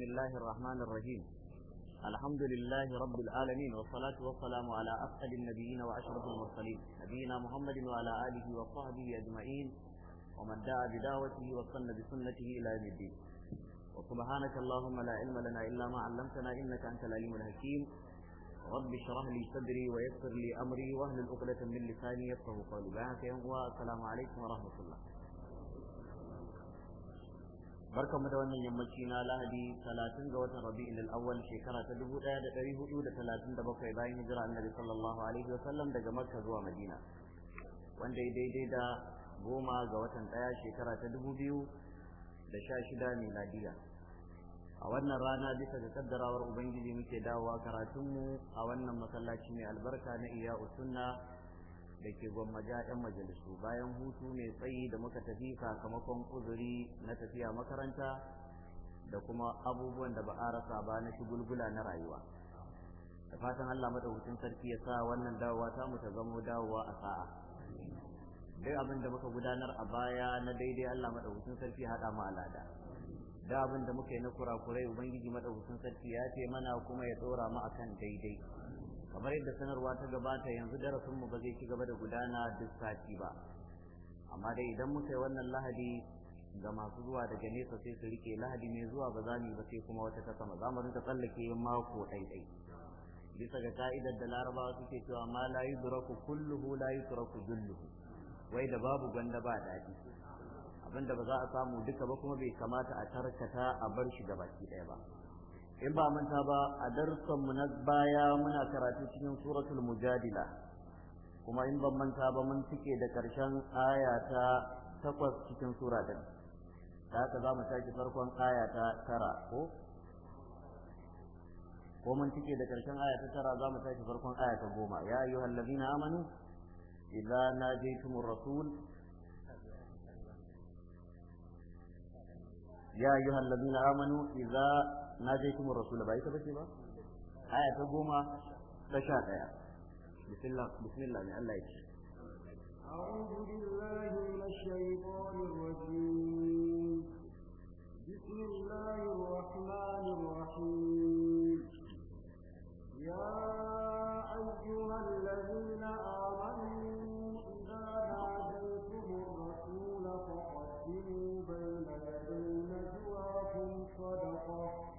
بسم الله الرحمن الرحيم الحمد لله رب العالمين والصلاة والسلام على أفعل النبيين وأشرف المرسلين نبينا محمد وعلى آله وصحبه أجمعين ومن دعا بدعوته وصلنا بسنته إلى يوم الدين وسبحانك اللهم لا علم لنا إلا ما علمتنا إنك أنت العليم الحكيم رب اشرح لي صدري ويسر لي أمري واهل الأقلة من لساني يفقه قولي بها السلام عليكم ورحمة الله barkamu da wannan yammaci na lahadi talatin ga watan rabi'in al-awwal shekara ta dubu ɗaya da ɗari hudu da talatin da bakwai bayan hijira annabi sallallahu alaihi wasallam daga makka zuwa madina wanda ya daidai da goma ga watan ɗaya shekara ta dubu biyu da sha shida miladiya a wannan rana bisa ga kaddarawar ubangiji muke dawowa karatunmu a wannan masallaci mai albarka na iya sunna da ke gwammaja 'yan majalisu bayan hutu mai tsayi da muka tafi sakamakon uzuri na tafiya makaranta da kuma abubuwan da ba a rasa ba na shigulgula na rayuwa da fatan Allah madaukakin sarki ya sa wannan dawowa ta mu ta zamo dawowa a sa'a dai abin da muka gudanar a baya na daidai Allah madaukakin sarki haɗa mu alada da abin da muka yi na kurakurai ubangiji madaukakin sarki ya ce mana kuma ya tsora mu akan daidai kamar yadda sanarwa ta gabata yanzu darasinmu ba zai ci gaba da gudana duk sati ba amma dai idan muka yi wannan lahadi ga masu zuwa daga nesa sai su rike lahadi mai zuwa ba za mu ba sai kuma wata ta sama za mu rinka tsallake mako ɗaiɗai bisa ga ka'idar da larabawa suke cewa ma la yudraku kulluhu la yutraku dulluhu wai da babu gwanda ba daɗi abinda ba za a samu duka ba kuma bai kamata a tarkata a bar shi da baki ɗaya ba in ba manta ba a darsan mu na baya muna karatu cikin suratul mujadila kuma in ban manta ba mun cike da karshen aya ta takwas cikin sura din da haka za mu tashi farkon aya ta tara ko ko mun cike da karshen aya ta tara za mu tashi farkon aya ta goma ya ayyuhal ladina amanu idza najaytumur rasul يا أيها الذين آمنوا إذا na je kuma rasula ba ita bace ba aya ta goma ta sha daya bismillah bismillah ne Allah ya ce أعوذ بالله من الشيطان الرجيم بسم الله الرحمن الرحيم يا أيها الذين آمنوا إذا ناديتم الرسول فقدموا بين يدي نجواكم صدقه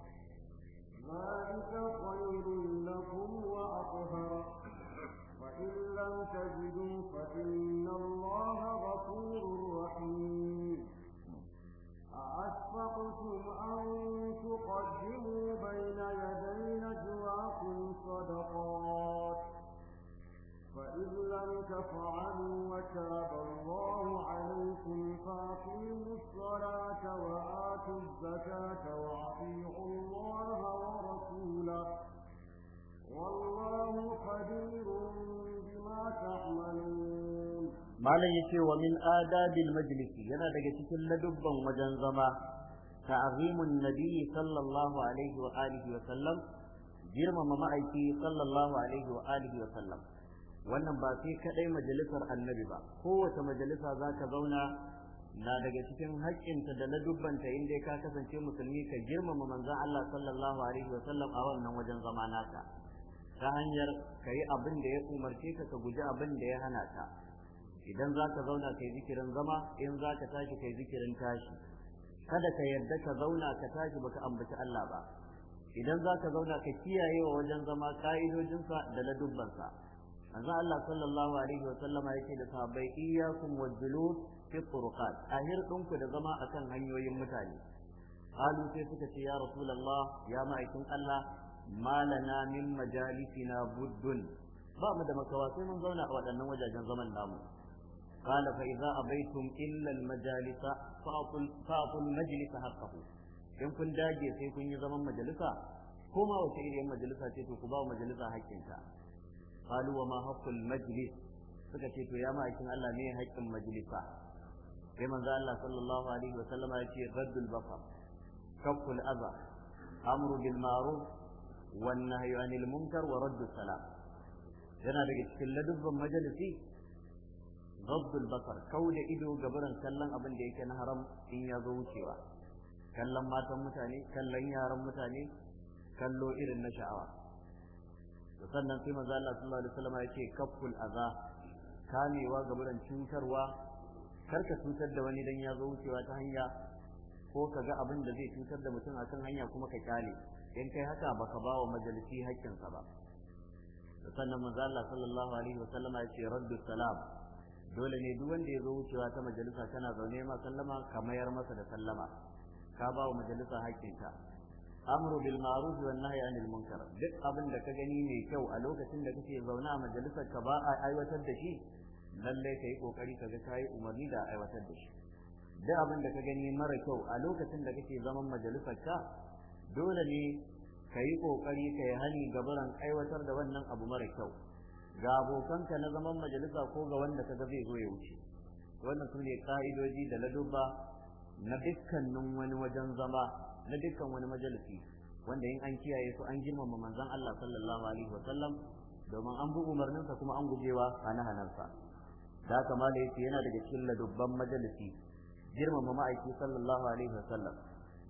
ذلك خير لكم وأطهر وإن لم تجدوا فإن الله غفور رحيم malam yace wa min adabil majlis yana daga cikin ladubban wajen zama ta'zimun nabi sallallahu alaihi wa alihi wa sallam girmama ma'aiki sallallahu alaihi wa alihi wa sallam wannan ba sai kadai majalisar annabi ba kowace majalisa za ka zauna na daga cikin haƙƙinta da ladubbanta dai ka kasance musulmi ka girmama manzon Allah sallallahu alaihi wa sallam a wannan wajen zama naka ta hanyar ka yi abin da ya umarce ka ka guji abin da ya hana ka idan za ka zauna kai zikirin zama in za ka tashi kai zikirin tashi kada ka yarda ka zauna ka tashi baka ambaci Allah ba idan za ka zauna ka kiyaye wa wajen zama ka'idojinsa da ladubbansa manzo Allah sallallahu alaihi wa sallama yake da sahabbai iyyakum wajlud fi turqat ahir ɗinku da zama akan hanyoyin mutane qalu sai suka ce ya rasulullah ya ma'aikin Allah malana min majalisina buddun ba mu da makawa sai mun zauna a waɗannan wajajen zaman namu قال فإذا أبيتم إلا المجالس فأعطوا المجلس حقه إن كن داجي سيكون يزمن مجلسا كما وشئر يوم مجلسا تيتو كبا ومجلسا حقا قالوا وما حق المجلس فكتيتو يا ما إشن الله مي حق المجلسا كما ذا الله صلى الله عليه وسلم يأتي رد البصر كف الأذى أمر بالمعروف والنهي عن المنكر ورد السلام yana daga cikin ladubban majalisi ghaddul basar kau da ido gabaran kallon abin da yake na haram in ya zo wucewa kallon matan mutane kallon yaran mutane kallo irin na sha'awa to sannan sai manzo Allah sallallahu alaihi wasallam yake kafful aza kamewa gabaran cutarwa karka cutar da wani dan ya zo wucewa ta hanya ko ka ga abin da zai cutar da mutum a kan hanya kuma ka kyale in kai haka baka ba wa majalisi haƙƙinsa ba sannan manzo Allah sallallahu alaihi wasallama ya ce raddu salam dole ne duk wanda ya zo wucewa ta majalisa tana zaune ma sallama ka mayar masa da sallama ka ba wa majalisa ta amru bil ma'ruf wa nahyi anil munkar duk abin da ka gani mai kyau a lokacin da kake zaune a majalisar ka ba a aiwatar da shi lalle kai kokari ka ga kai umarni da aiwatar da shi duk abin da ka gani mara kyau a lokacin da kake zaman majalisar ka dole ne ka yi kokari ka yi hani gabaran aiwatar da wannan abu mara kyau ga abokanka na zaman majalisa ko ga wanda kaga zai zo ya wuce wannan su ne ka'idoji da ladubba na dukkanin wani wajen zama na dukkan wani majalisi wanda in an kiyaye su an girmama manzon Allah sallallahu alaihi wasallam domin an bi umarninsa kuma an gujewa hana-hanarsa da haka ma da yake yana daga cikin ladubban majalisi girmama ma'aiki sallallahu alaihi wasallam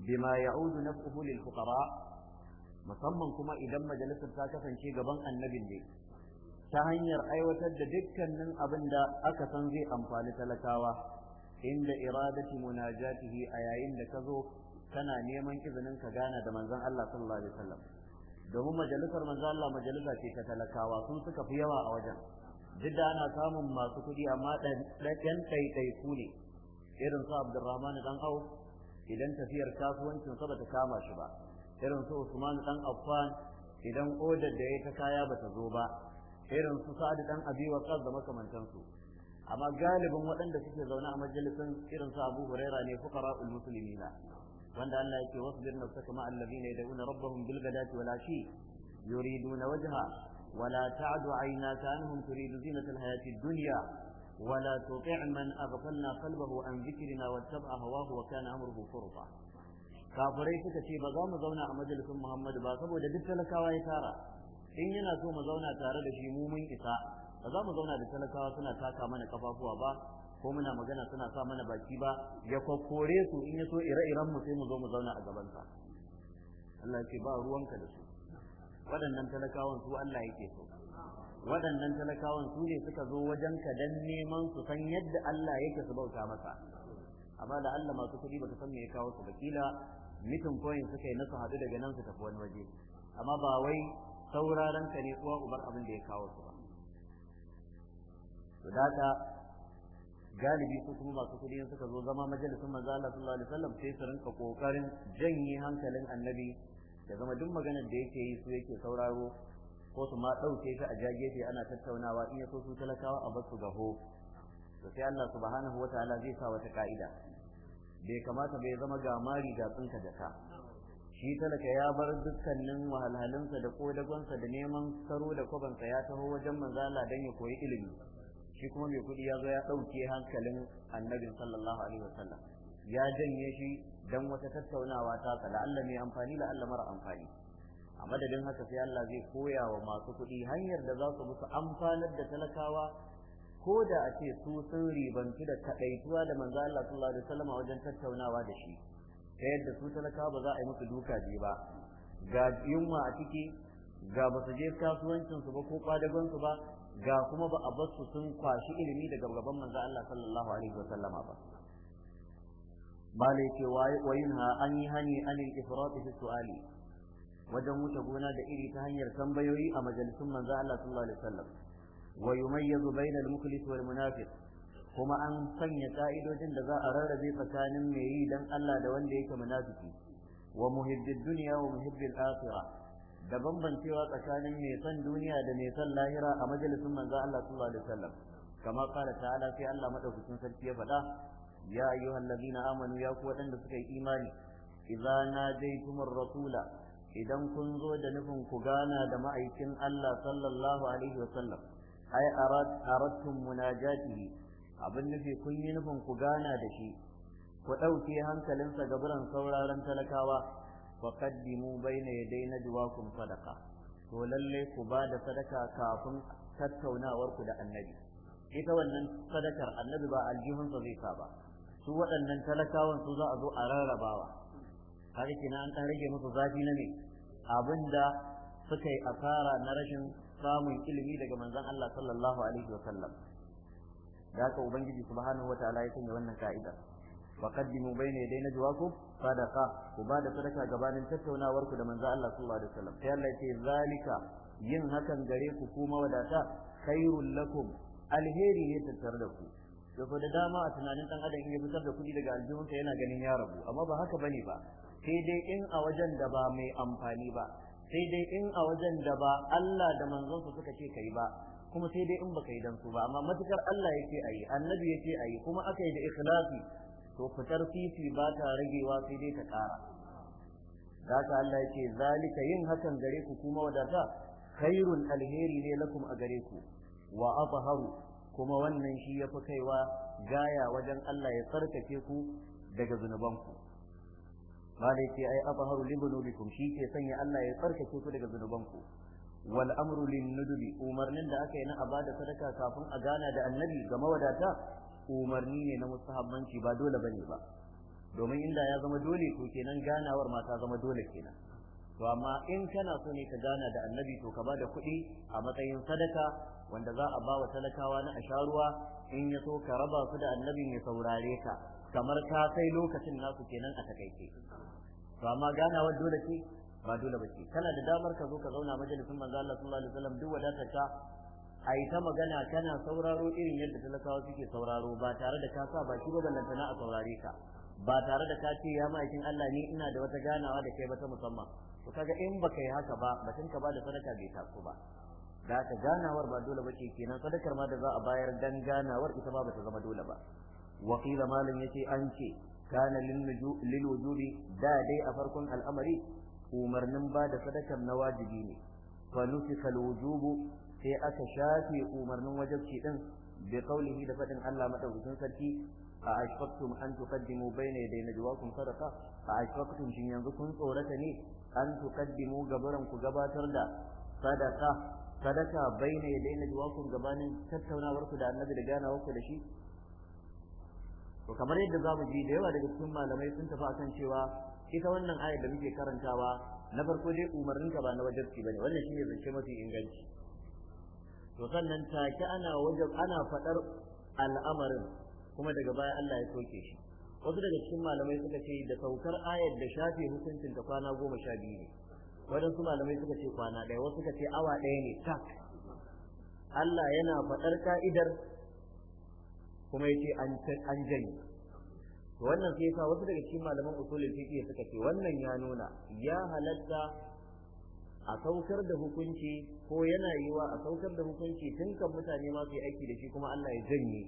bima ya'udu nafsuhu lil fuqara musamman kuma idan majalisar ta kasance gaban annabin ne ta hanyar aiwatar da dukkanin abin da aka san zai amfani talakawa inda iradati munajatihi a yayin da ka zo kana neman izinin ka gana da manzon Allah sallallahu alaihi wasallam domin majalisar manzon Allah majalisa ce ta talakawa sun suka fi yawa a wajen duk da ana samun masu kuɗi amma ɗan ɗaiɗaiku ne irin su Abdurrahman dan Auf idan tafiyar kasuwancin sa bata kama shi ba irin su Usman dan Affan idan odar da ya ta kaya bata zo ba irin su sa'ad ɗan abi wa qaz da makamantansu amma galibin waɗanda suke zauna a majalisin irin su abu huraira ne fuqara'ul muslimina wanda Allah yake wasbir nafsaka ma alladhina yad'una rabbahum bil ghadati wal ashi yuriduna wajha ولا تعد عيناك عنهم تريد زينة الحياة الدنيا ولا تطع من أغفلنا قلبه عن ذكرنا واتبع هواه وكان أمره فرطا kafirai suka ce ba za mu zauna a majalisun Muhammadu ba saboda duk talakawa ya tara in yana so mu zauna tare da shi mu mun isa ba za mu zauna da talakawa suna taka mana kafafuwa ba ko muna magana suna sa mana baki ba ya kokore su in ya so ire-iren mu sai mu zo mu zauna a gaban sa Allah ce ba ruwanka da su waɗannan talakawan su Allah yake so waɗannan talakawan su ne suka zo wajen ka dan neman su san yadda Allah yake su bauta masa amma da Allah masu kuɗi baka san me ya kawo su ba kila mitin koyin suka yi na su haɗu daga nan su tafi wani waje amma ba wai sauraron ka ne uwa ubar abin da ya kawo su ba to galibi su kuma masu kudi in suka zo zama majalisin manzo Allah sallallahu alaihi wasallam sai su rinka kokarin janye hankalin annabi da zama duk maganar da yake yi su yake sauraro ko su ma ɗauke shi a jagefe ana tattaunawa in ya so su talakawa a basu gaho to sai Allah subhanahu wataala zai sa wata ka'ida bai kamata bai zama ga mari ga tsinka jaka shi talaka ya bar dukkanin wahalhalinsa da kodagonsa da neman saro da kwabansa ya taho wajen manzala don ya koyi ilimi shi kuma mai kuɗi ya zo ya ɗauke hankalin annabin sallallahu alaihi wasallam ya janye shi don wata tattaunawa ta tsala Allah mai amfani da Allah mara amfani a madadin haka sai Allah zai koya wa masu kuɗi hanyar da za su musu amfanar da talakawa ko da a ce su sun ribantu da kaɗaituwa da manzo Allah sallallahu alaihi wasallam wajen tattaunawa da shi ta yadda su talaka ba za a yi musu duka biyu ba ga yunwa a ciki ga ba su je kasuwancinsu ba ko kwadagonsu ba ga kuma ba a basu sun kwashi ilimi daga gaban manzo Allah sallallahu alaihi wa sallama ba bale ce wa yunha an yi hani anil ifrat fi su'ali wajen wuce gona da iri ta hanyar tambayoyi a majalisun manzo Allah sallallahu alaihi wa sallam wa yumayyizu bainal muklis wal munafiq kuma an sanya ka'idojin da za a rarrabe tsakanin mai yi dan Allah da wanda yake munafiki wa muhibbid dunya wa muhibbil akhirah da bambancewa tsakanin mai san duniya da mai san lahira a majalisin manzo Allah sallallahu alaihi wasallam kama kala ta'ala sai Allah madaukakin sarki ya faɗa ya ayyuhallazina amanu ya ku waɗanda suka yi imani idza najaytumur rasula idan kun zo da nufin ku gana da ma'aikin Allah sallallahu alaihi wasallam ai aradtum munajatihi abin nufi kun yi nufin ku gana da shi ku ɗauke hankalinsa ga biran sauraron talakawa wa ya ya daina duwakun sadaka, to lalle ku ba da sadaka kafin tattaunawarku da annabi ita wannan sadakar annabi ba aljihunsa zai sa ba su waɗannan talakawan su za a zo a rarrabawa har kina an ɗan rage musu zafi na ne abin da suka yi asara na rashin samun ilimi daga manzon Allah sallallahu alaihi wa da haka ubangiji subhanahu wataala ya sanya wannan ka'ida wa qaddimu bayna yaday najwaakum sadaqa ku bada sadaka gabanin tattaunawar ku da manzo Allah sallallahu alaihi wasallam sai Allah yake zalika yin hakan gare ku kuma wadata khairul lakum alheri ne tattare da ku da da dama a tunanin dan adam ya fitar da kuɗi daga aljihunsa yana ganin ya rabu amma ba haka bane ba sai dai in a wajen da ba mai amfani ba sai dai in a wajen da ba Allah da manzonsa suka ce kai ba kuma sai dai in baka yi dan su ba amma matukar Allah yake ayi annabi yake ayi kuma aka yi da ikhlasi to fitar fifi ba ta ragewa sai dai ta kara da haka Allah yake zalika yin hakan gare ku kuma wadata khairun alheri ne lakum a gare ku wa azharu kuma wannan shi yafi kaiwa gaya wajen Allah ya tsarkake ku daga zunubanku ba da yake ai azharu libunulikum shi ke sanya Allah ya tsarkake ku daga ku. wal amru nudubi umarnin da aka yi na a abada sadaka kafin a gana da annabi ga mawadata umarni ne na mustahabbanci ba dole bane ba domin inda ya zama dole to kenan ganawar ma ta zama dole kenan to amma in kana so ne ka gana da annabi to ka bada kuɗi a matsayin sadaka wanda za a ba wa talakawa na asharuwa in ya so ka raba su da annabi mai saurare ka kamar ka kai lokacin nasu kenan a takaice to amma ganawar dole ce ba dole ba ce kana da damar ka zo ka zauna majalisin manzo Allah sallallahu alaihi wasallam duk wadatar ka a yi ta magana kana sauraro irin yadda talakawa suke sauraro ba tare da ka sa baki ba a saurare ka ba tare da ka ce ya ma'aikin Allah ni ina da wata ganawa da kai ba ta musamman to kaga in baka yi haka ba batun ka ba da sadaka bai taso ba da ka ganawar ba dole ba ce kenan sadakar ma da za a bayar dan ganawar ita ba ta zama dole ba wa qila malam yace an ce kana lil wujubi da dai a farkon al'amari umarnin ba da sadakar na wajibi ne fa nusika alwujubu sai aka shafe umarnin wajibci din bi qawlihi da fadin Allah madaukakin sarki a ashfaqtum an tuqaddimu bayna yaday najwaakum sadaqa a ashfaqtum jin yanzu kun tsorata ne an tuqaddimu gabaran ku gabatar da sadaqa sadaka bayna yaday najwaakum gabanin tattaunawar ku da annabi da gana ku da shi to kamar yadda zamu ji da yawa daga cikin malamai sun tafi akan cewa ita wannan ayar da muke karantawa na farko dai umarnin ka ba na wajibi bane wannan shine zance mafi inganci to sannan take ana wajab ana fadar al'amarin kuma daga baya Allah ya soke shi wasu daga cikin malamai suka ce da saukar ayar da shafe hukuncin ta kwana goma sha biyu ne waɗansu malamai suka ce kwana ɗaya wasu suka ce awa ɗaya ne tak Allah yana faɗar ka'idar kuma ya ce an janye to wannan sai yasa wasu daga cikin malaman usulul fiqh suka ce wannan ya nuna ya halatta a saukar da hukunci ko yana yiwa a saukar da hukunci tun kan mutane ma su yi aiki da shi kuma Allah ya janye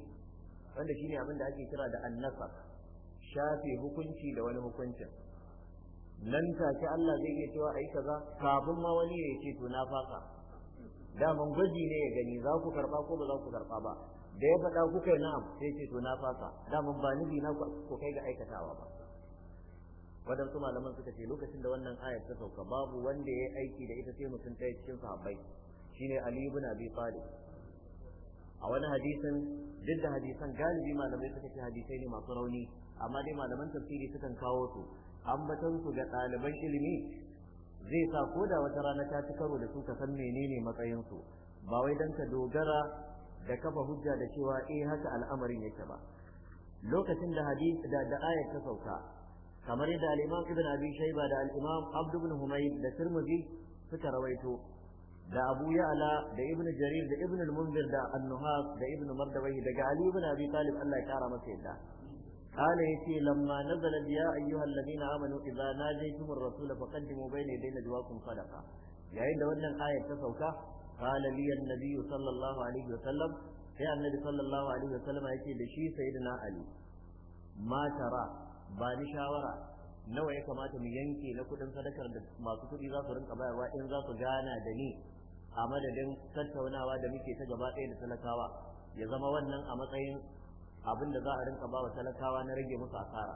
wanda shine abin da ake kira da annasa shafe hukunci da wani hukuncin nan take Allah zai iya cewa ai kaza kafin ma wani ya ce to na fasa daman gwaji ne ya gani za ku karba ko ba za ku karba ba da ya faɗa kuka yi na'am sai ce to na fasa daman ba nufi na ku kai ga aikatawa ba waɗansu malaman suka ce lokacin da wannan ayar ta sauka babu wanda ya yi aiki da ita sai mutum yi cikin sahabbai shine Ali ibn Abi Talib a wani hadisin duk da hadisan galibi malamai suka ce hadisai ne masu rauni amma dai malaman tafsiri sukan kawo su ambatan su ga ɗaliban ilimi zai sa ko da wata rana ta ci karo da su ka san menene matsayinsu ba wai don ka dogara da kafa hujja da cewa eh haka al'amarin yake ba lokacin da hadis da da ayat ta sauka kamar yadda al-Imam Ibn Abi Shayba da al-Imam Abd ibn Humayd da Tirmidhi suka rawaito da Abu Ya'la da Ibn Jarir da Ibn al-Munzir da An-Nuhas da Ibn Mardawi daga Ali ibn Abi Talib Allah ya kara masa yadda قال يتي لما نزلت يا أيها الذين آمنوا إذا ناجيتم الرسول فقدموا بين يدي نجواكم صدقة يعني ده wannan ayat ta sauka qala li an-nabi sallallahu alaihi wasallam sai annabi sallallahu alaihi wasallam yake da shi sayyidina ali ma tara ba ni shawara nawa ya kamata mu yanke na kuɗin sadakar da masu kuɗi za su rinka bayarwa in za su gana da ni a madadin tattaunawa da muke ta gaba da talakawa ya zama wannan a matsayin abin da za a rinka bawa wa talakawa na rage musu asara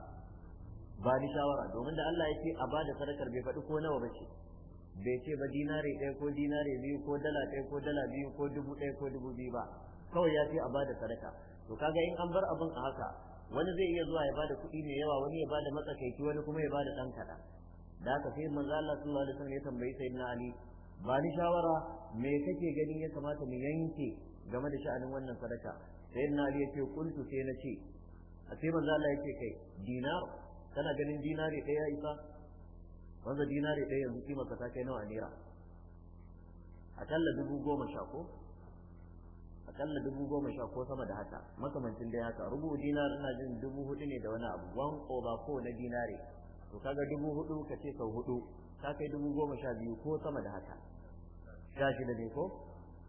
ba ni shawara domin da Allah ya ce a ba da sadakar bai faɗi ko nawa ba ce bai ce ba dinare ɗaya ko dinare biyu ko dala ɗaya ko dala biyu ko dubu ɗaya ko dubu biyu ba kawai ya ce a bada sadaka to kaga in an bar abin a haka wani zai iya zuwa ya bada kuɗi mai yawa wani ya bada matsakaici wani kuma ya bada ɗan kaɗan da aka sai manzo Allah sallallahu alaihi wasallam ya tambayi sayyidina Ali ba ni shawara me kake ganin ya kamata mu yanke game da sha'anin wannan sadaka sayyidina Ali yace kuntu sai na ce a sai manzo Allah yake kai dinar kana ganin dinare ɗaya isa wanda dinari ɗaya yanzu kimarsa ta kai nawa naira akalla dubu goma sha ko akalla dubu goma sha ko sama da haka makamancin dai haka rubu dinar ina jin dubu hudu ne da wani abu wan ba ko na dinare to kaga dubu hudu ka ce sau hudu ta kai dubu goma sha biyu ko sama da haka shi da ne ko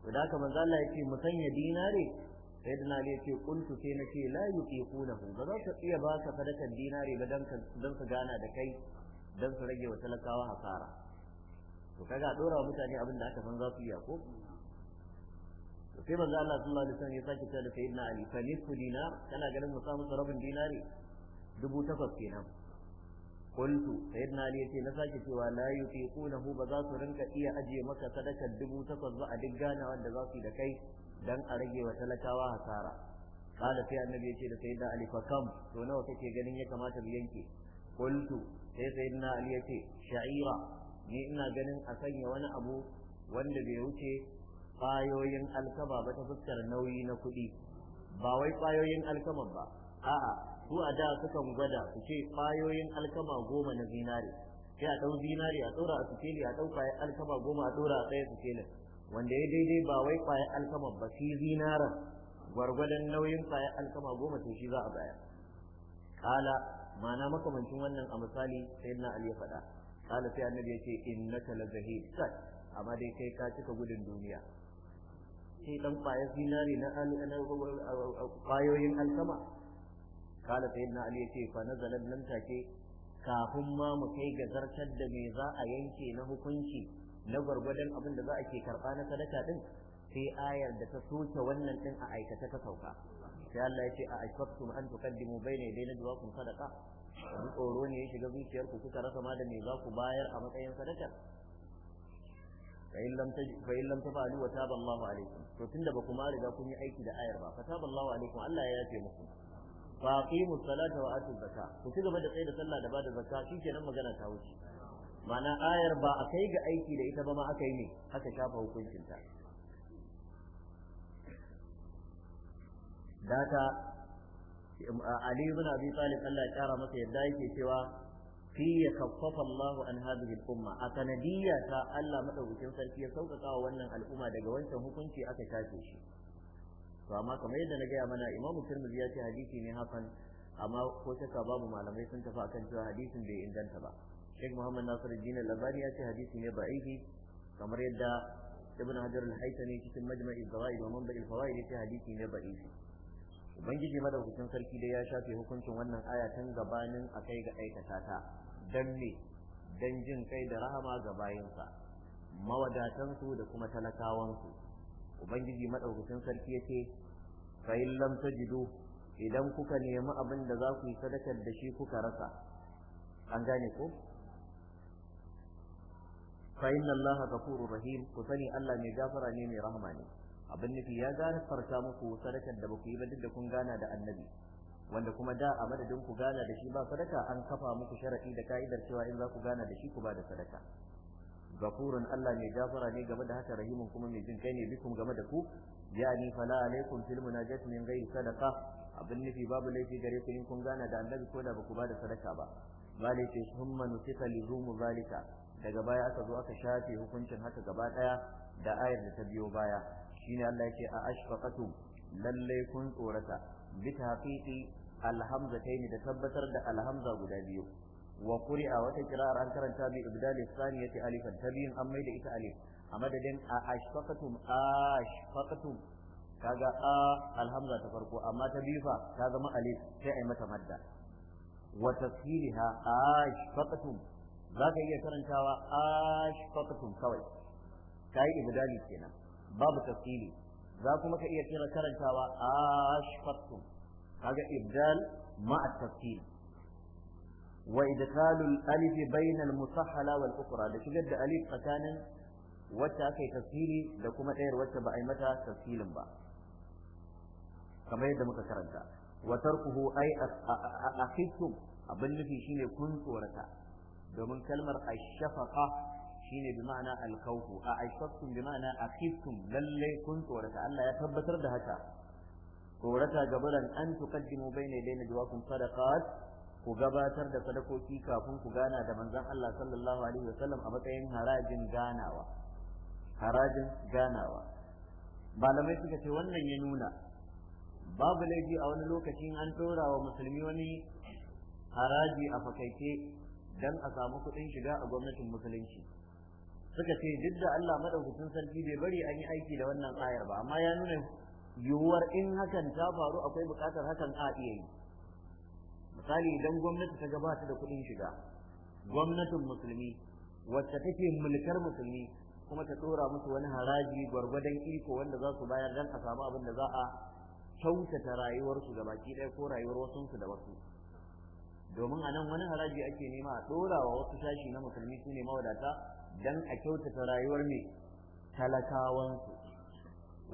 to da haka manzo Allah yake mu sanya dinare sai dana ne yake kuntu sai nake la yuqiqunahu ba za ka iya ba ka fadakan dinari ba dan dan su gana da kai don su rage wa talakawa hasara to kaga dora mutane abin da aka san za su a ko to sai manzo Allah sallallahu alaihi wasallam ya sake cewa da sayyidina Ali fa nisfu dinar kana ganin mu samu rabin dinari dubu takwas kenan qultu sayyidina Ali yace na sake cewa la yutiqunahu ba za su rinka iya ajiye maka sadaka dubu takwas ba a duk ganawa da za su yi da kai dan a rage wa talakawa hasara annabi yace da sayyidina Ali fa kam to nawa kake ganin ya kamata mu yanke qultu sai sai na ali ya ce sha'ira ni ina ganin a sanya wani abu wanda bai wuce ƙwayoyin alkama ba ta fuskar nauyi na kuɗi ba wai ƙwayoyin alkama ba a'a su a da sukan gwada su ce ƙwayoyin alkama goma na zinare sai a ɗau zinare a ɗora a sikeli a ɗau ƙwayar alkama goma a ɗora a tsaye sikelin wanda ya daidai ba wai ƙwayar alkama ba shi zinaren gwargwadon nauyin ƙwayar alkama goma to shi za a bayar kala ma'ana makamancin wannan a misali sayyidina ali ya faɗa kala sai annabi yace innaka lazahid kat amma dai kai ka cika gudun duniya sai dan kwaya zinari na kwayoyin alkama kala na ali yace fa nazalan nan take kafin ma mu kai ga zartar da me za a yanke na hukunci na gwargwadon abin da za a ke karɓa na sadaka din sai ayar da ta soke wannan din a aikata ta sauka sai Allah ya ce a ashfaqtum an tuqaddimu bayna yaday najwaakum sadaqa wani tsoro ne ya shiga zuciyar ku kuka rasa ma da me za ku bayar a matsayin sadaka fa in lam fa tafalu wa taba Allahu alaykum to tunda ba kuma riga kun yi aiki da ayar ba fa taba Allahu alaykum Allah ya yafe muku fa aqimu salata wa atu zakka ku ci gaba da tsaye da sallah da bada zakka shikenan magana ta wuce ma'ana ayar ba a kai ga aiki da ita ba ma aka yi ne aka shafa hukuncinta data ali ibn abi talib Allah ya kara masa yadda yake cewa fi yakaffafa Allah an hadhihi al-umma a ta Allah madaukakin sarki ya sauƙaƙa wa wannan al'umma daga wancan hukunci aka tace shi to amma kamar yadda na gaya mana Imam Tirmidhi ya ce hadisi ne hakan amma ko ka babu malamai sun tafi akan cewa hadisin bai inganta ba Sheikh Muhammad Nasiruddin Al-Albani ya ce hadisi ne da'ifi kamar yadda Ibn Hajar Al-Haytami cikin Majma'i Zawaid wa Manba'il Fawaid ya ce hadisi ne ubangiji madaukakin sarki dai ya shafe hukuncin wannan aya tun gabanin a kai ga aikata ta dan me dan jin kai da rahama ga bayinsa mawadatansu da kuma talakawansu ubangiji madaukakin sarki yace fa in lam tajidu idan kuka nemi abin da za ku yi sadakar da shi kuka rasa an gane ko fa inna allaha ghafurur rahim ku sani allah mai gafara ne mai rahama ne abin nufi ya gane farka muku sadakar da baku yi ba duk da kun gana da annabi wanda kuma da a madadin ku gana da shi ba sadaka an kafa muku sharadi da ka'idar cewa in za ku gana da shi ku ba da sadaka gafurun Allah mai gafara ne game da haka rahimun kuma mai jin kai ne bikum game da ku yani fala alaikum fil munajat min ghairi sadaqa abin nufi babu laifi gare ku in kun gana da annabi ko da baku ba da sadaka ba malike summa nutika lizumu zalika daga baya aka zo aka shafe hukuncin haka gaba daya da ayar da ta biyo baya shine Allah yake a ashfaqatum lalle kun tsorata bi tahqiqi alhamzatayn da tabbatar da alhamza guda biyu wa quri'a wata kira'ar an karanta bi ibdal thaniyati alifan tabiyin an maida ita alif a madadin a ashfaqatum ashfaqatum kaga a alhamza ta farko amma ta biyu fa ta zama alif sai ai mata madda wa tafsiriha za ka iya karantawa ashfaqatum kawai kai ibdali kenan babu tafsili za kuma ka iya kira karantawa ashfattum kaga ibdal ma at-tafsil wa idkhalu al-alif bayna al-musahhala wal ukhra da shigar da alif tsakanin wacce aka yi tafsiri da kuma ɗayar wacce ba a yi mata tafsilin ba kamar yadda muka karanta wa tarkuhu ay akhiftum abin nufi shine kun tsorata domin kalmar ashafaqa shine bi ma'ana alkawfu a aishaktum bi ma'ana akhiftum lalle kun tsorata Allah ya tabbatar da haka tsorata gabaran an tuqaddimu bayna yadayna jawakum sadaqat ku gabatar da sadakoki kafin ku gana da manzon Allah sallallahu alaihi sallam a matsayin harajin ganawa harajin ganawa malamai suka ce wannan ya nuna babu laifi a wani lokacin an tora wa musulmi wani haraji a fakaice dan a samu kuɗin shiga a gwamnatin musulunci suka ce duk da Allah madaukakin sarki bai bari an yi aiki da wannan ayar ba amma ya nuna yiwuwar in hakan ta faru akwai bukatar hakan a iya yi misali idan gwamnati ta gabata da kuɗin shiga gwamnatin musulmi wacce take mulkar musulmi kuma ta tsora musu wani haraji gwargwadon iko wanda za su bayar dan a samu abin da za a kyautata rayuwarsu da baki ɗaya ko rayuwar wasunsu da wasu domin a nan wani haraji ake nema a ɗora wa wasu sashi na musulmi su ne mawadata dan a kyautata rayuwar mai talakawansu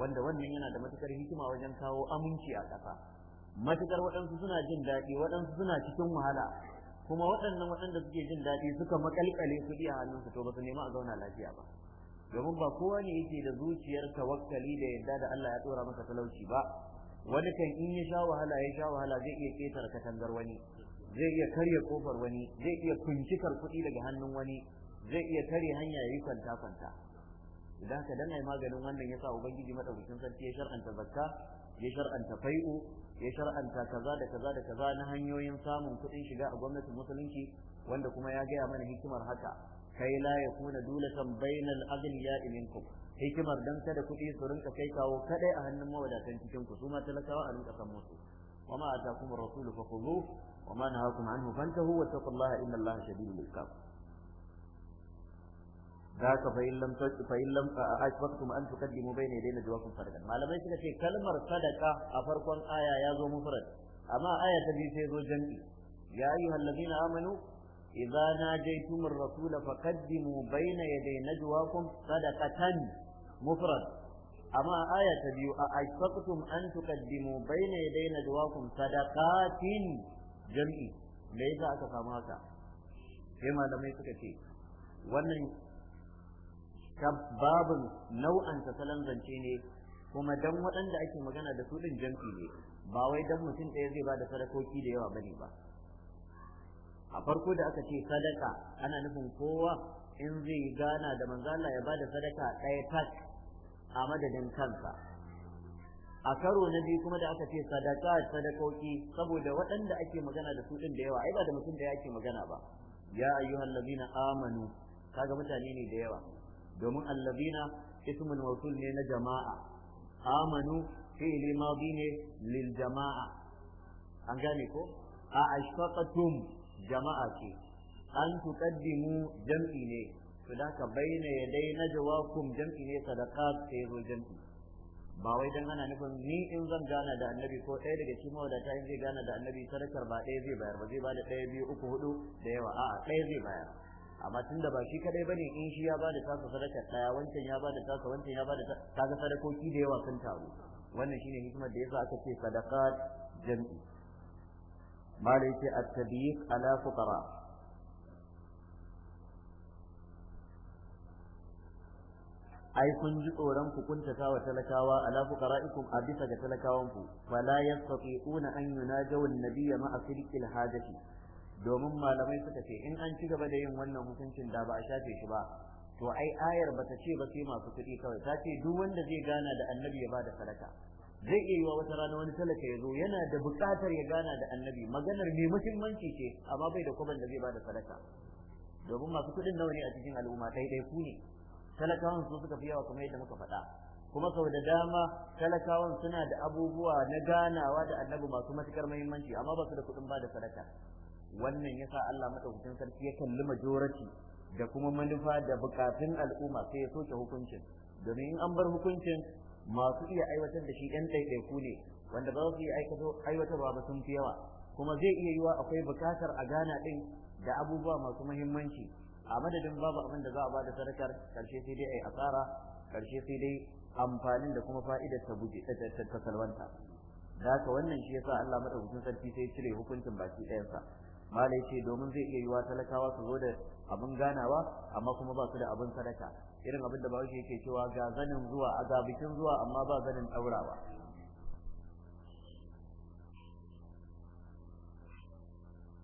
wanda wannan yana da matukar hikima wajen kawo aminci a ƙasa matukar waɗansu suna jin daɗi waɗansu suna cikin wahala kuma waɗannan waɗanda suke jin daɗi suka maƙalƙale kuɗi a hannunsu to ba su nema a zauna lafiya ba domin ba kowa ne yake da zuciyar tawakkali da yadda da Allah ya tsora masa talauci ba wani kan in ya sha wahala ya sha wahala zai iya ketar katangar wani zai iya karya kofar wani zai iya kuncikar kuɗi daga hannun wani zai iya tare hanya yi kwanta kwanta idan ka danna maganin wannan yasa ubangiji madaukakin sarki ya shar'anta zakka ya shar'anta fai'u ya shar'anta kaza da kaza da kaza na hanyoyin samun kuɗin shiga a gwamnatin musulunci wanda kuma ya gaya mana hikimar haka kai la yakuna dulatan bainal aghniya minkum hikimar dan kada kuɗi su rinka kai kawo kadai a hannun mawadatan cikin ku su ma talakawa a rinka san musu وما أتاكم الرسول فخذوه وما نهاكم عنه فانتهوا واتقوا الله إن الله شديد Za ka fahimtsa a Ash Fakhtum a Antu kaddi mu baina ya daina duwakun Malamai kika ce kalmar sadaka a farkon aya ya zo mu Amma a ayyata biyu zo jam'i. Ya yi hallami na Amadu. Iza na je tumin rasu da fa kaddi mu baina ya daina Amma a ayyata biyu a Ash Fakhtum a Antu kaddi mu baina jam'i. Lai sa aka kamata. Sai malamai kika ce wannan. babin nau'ansa salon zance ne kuma dan waɗanda ake magana da su ɗin jamfi ne ba wai dan mutum ɗaya zai ba da sadakoki da yawa bane ba a farko da aka ce sadaka ana nufin kowa in zai gana da manzala ya ba da sadaka ɗaya tak a madadin kansa a karo na biyu kuma da aka ce sadaka sadakoki saboda waɗanda ake magana da su ɗin da yawa ai ba da mutum ɗaya ake magana ba ya ayyuhal ladina amanu kaga mutane ne da yawa domin allazina ismul mawsul ne na jama'a amanu fi'li madi ne lil jama'a an gane ko a ashfaqatum jama'a ce an tuqaddimu jam'i ne to da ka bayyana yadai na jawakum jam'i ne sadaqat sai jam'i ba wai dan ana nufin ni in zan gana da annabi ko ɗaya daga cikin mawadata in zai gana da annabi sadakar ba ɗaya zai bayar ba zai ba da ɗaya biyu uku hudu da yawa a'a ɗaya zai bayar amma tunda ba shi kadai bane in shi ya bada tasa sadaka daya wancan ya bada tasa wancan ya bada tasa kaga sadakoki da yawa sun taru wannan shine hikimar da yasa aka ce sadaqat jam'i mala yace at-tabiq ala fuqara ai kun ji tsoron ku kuntata wa talakawa ala fuqara'ikum a bisa ga talakawan ku fala yastati'una an yunajawu an-nabiyya ma'a sidqil hajati domin malamai suka ce in an ci gaba da yin wannan hukuncin da ba a shafe shi ba to ai ayar ba ta ce ba sai masu kuɗi kawai ta ce duk wanda zai gana da annabi ya bada sadaka zai iya yiwa wata rana wani talaka ya zo yana da buƙatar ya gana da annabi maganar mai muhimmanci ce amma bai da kwaban da zai bada sadaka domin masu kuɗin nawa ne a cikin al'umma ta ɗaya ku ne talakawan su suka fi yawa kuma yadda muka faɗa kuma sau da dama talakawan suna da abubuwa na ganawa da annabi masu matuƙar muhimmanci amma ba su da kuɗin ba da sadaka wannan yasa Allah madaukakin sarki ya kalli majority da kuma manufa da bukatun al'umma sai ya soke hukuncin domin in an bar hukuncin masu iya aiwatar da shi yan ɗaiɗaiku ne wanda ba su iya aiwatar ba sun fi yawa kuma zai iya yiwa akwai bukatar a gana ɗin da abubuwa masu muhimmanci a madadin babu abin da za a bada sadakar karshe sai dai a yi asara karshe sai dai amfanin da kuma fa'idar ta buge ta salwanta da haka wannan shi yasa Allah madaukakin sarki sai cire hukuncin baki ɗayansa malai ce domin zai iya yiwa talakawa su zo da abin ganawa amma kuma ba su da abin sadaka irin abin da bahaushe yake cewa ga zanin zuwa a ga bikin zuwa amma ba zanin ɗaurawa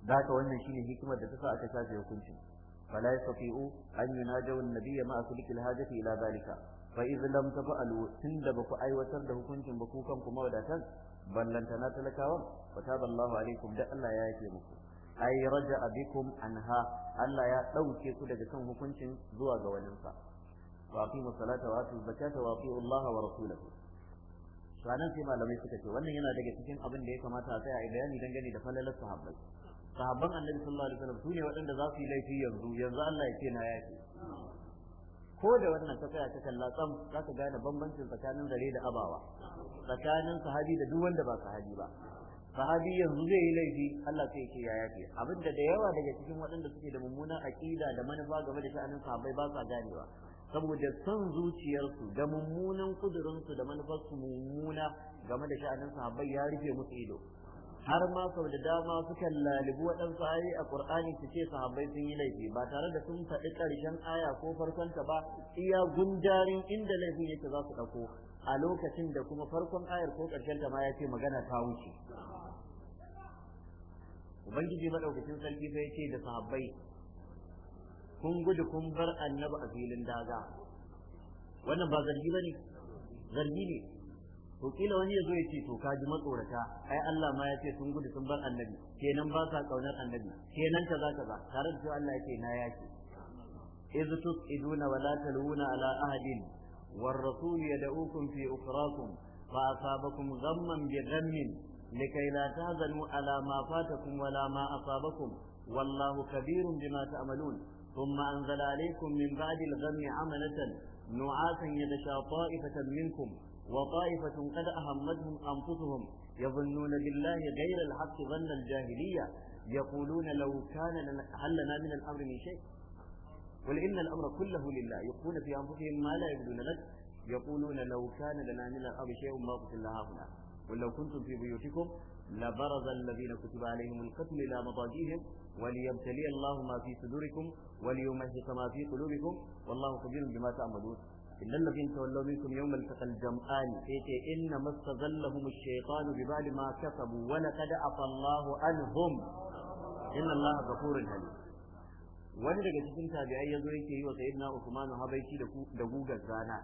da haka wannan shine hikimar da ta sa aka shafe hukuncin فلا يستطيع أن يناجوا النبي مع سلك الحاجة إلى ذلك فإذا لم تفعلوا تند بكو أي وترده كنتم بكوكم كما وداتا بل لن تنات لكاوا فتاب الله عليكم allah ya يا يكيمكم ai raja bikum anha Allah ya ɗauke ku daga kan hukuncin zuwa ga waninsa wa fi musalata wa fi wa sanan sai malamai suka ce wannan yana daga cikin abin da ya kamata a tsaya a bayani dangane da falalar sahabbai sahabban annabi sallallahu alaihi wasallam ne waɗanda za su yi laifi yanzu yanzu Allah ya ce na ce. ko da wannan ta tsaya ta kalla tsam za ka gane bambancin tsakanin zare da abawa tsakanin sahabi da duk wanda ba sahabi ba sahabi yanzu zai yi laifi Allah sai yake ya yafe abinda da yawa daga cikin waɗanda suke da mummunan aƙida da manufa game da sha'anin sahabbai ba sa ganewa saboda son zuciyarsu da mummunan kudurinsu da manufarsu mummuna game da sha'anin sahabbai ya rufe musu ido har ma sau da dama sukan lalibu waɗansu ayi a ƙur'ani su ce sahabbai sun yi laifi ba tare da sun faɗi ƙarshen aya ko farkonta ba iya gundarin inda laifin yake za su ɗauko a lokacin da kuma farkon ayar ko ta ma ya ce magana ta wuce ubangiji maɗaukacin sarki sai ce da sahabbai kun gudu kun bar annabi a filin daga wannan ba zargi ba ne zargi ne ko kila wani ya zo ya ce to ka ji matsorata ai Allah ma ya ce sun gudu sun bar annabi kenan ba sa kaunar annabi kenan ta zaka ba tare da Allah yake na yake iz tus iduna wa la taluna ala da war rasul yad'ukum fi ukhrakum fa asabakum ghamman bi ghammin likay la tazanu ala ma fatakum wa la ma asabakum wallahu kabirun bima ta'malun thumma anzala alaykum min ba'dil ghammi amalatan nu'asan yadsha ta'ifatan minkum وطائفة قد أهمتهم أنفسهم يظنون بالله غير الحق ظن الجاهلية يقولون لو كان هل لنا من الأمر من شيء قل إن الأمر كله لله يقولون في أنفسهم ما لا يبدون لك يقولون لو كان لنا من الأمر شيء ما قتل هنا قل لو كنتم في بيوتكم لبرز الذين كتب عليهم القتل إلى مضاجيهم وليبتلي الله ما في صدوركم وليمحص ما في قلوبكم والله خبير بما تعملون إلا الذين تولوا منكم يوم التقى الجمعان فيتي إن ما استغلهم الشيطان ببال ما كسبوا ولقد عفى الله عنهم إن الله غفور حليم wani daga cikin tabi'ai ya zo yake yi wa sayyidina Uthman habaici da da gugar rana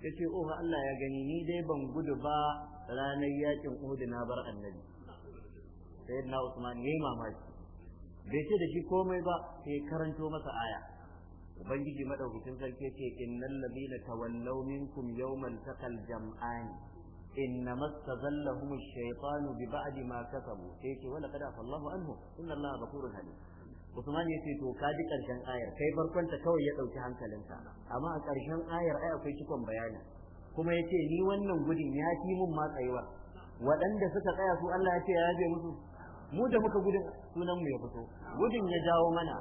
yace oh Allah ya gani ni dai ban gudu ba ranar yakin Uhud na bar annabi sayyidina Uthman yayi mamaki bai ce da shi komai ba sai karanto masa aya ubangiji madaukakin sarki ce innal ladina tawallaw minkum yawmal taqal jam'an inna mastazallahum ash-shaytanu bi ba'di ma kasabu sai wala kada fallahu anhu inna allaha ghafurun halim Usman ya to ka ji karshen ayar kai farkon ta kawai ya dauki hankalinka amma a karshen ayar ai akwai cikon bayani kuma ya ni wannan gudun ya fi mun ma waɗanda suka tsaya su Allah ya ce ya yabe musu mu da muka gudun sunan mu ya fito gudun ya jawo mana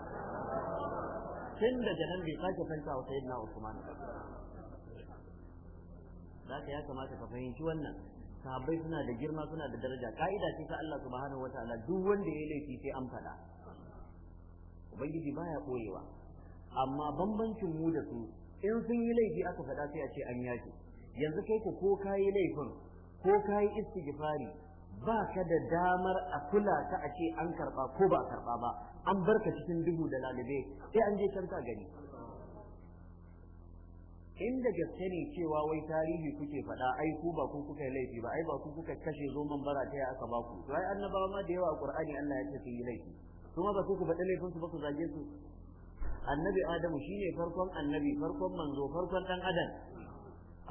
tun daga nan bai sake fanta wa sayyidina Usman ba ka ya kamata ka fahimci wannan sahabbai suna da girma suna da daraja ka'ida ce ta Allah subhanahu wataala duk wanda ya laifi sai an faɗa ubangiji baya koyewa amma bambancin mu da su in sun yi laifi aka faɗa sai a ce an yaki yanzu kai ku ko kayi laifin ko kayi istighfari ba ka da damar a kula ta a ce an karba ko ba karba ba an bar ka cikin duhu da lalube sai an je can gani inda gaske ne cewa wai tarihi kuke faɗa ai ku ba ku kuka laifi ba ai ba ku kuka kashe zomon bara ta ya aka ba ku ai annabawa ma da yawa a qur'ani Allah ya ce yi laifi kuma ba ku ku faɗi laifin su ba ku zage su annabi adamu shine farkon annabi farkon manzo farkon dan adam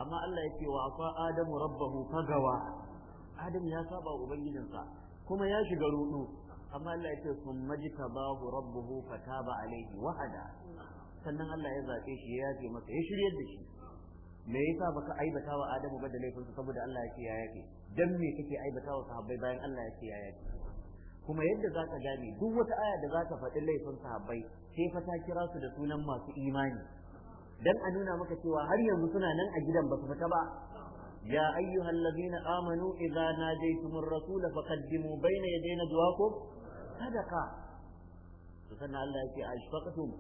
amma Allah ya ce wa fa adamu rabbahu fagawa Adamu ya saba ubangijinsa kuma ya shiga rudu amma Allah ya ce sun majita bahu ba a alaihi wahada sannan Allah ya zaɓe shi ya yafe masa ya shirya da shi me yasa baka aibata wa Adamu ba da laifin saboda Allah ya ce ya yake? dan me kake aibata wa sahabbai bayan Allah ya ce ya yake? kuma yadda za ka gane duk wata aya da za ta faɗi laifin sahabbai sai fa ta kira su da sunan masu imani dan a nuna maka cewa har yanzu suna nan a gidan ba su fita ba يا أيها الذين آمنوا إذا ناديتم الرسول فقدموا بين يدي نجواكم sadaqa to sannan Allah yake ashfaqtum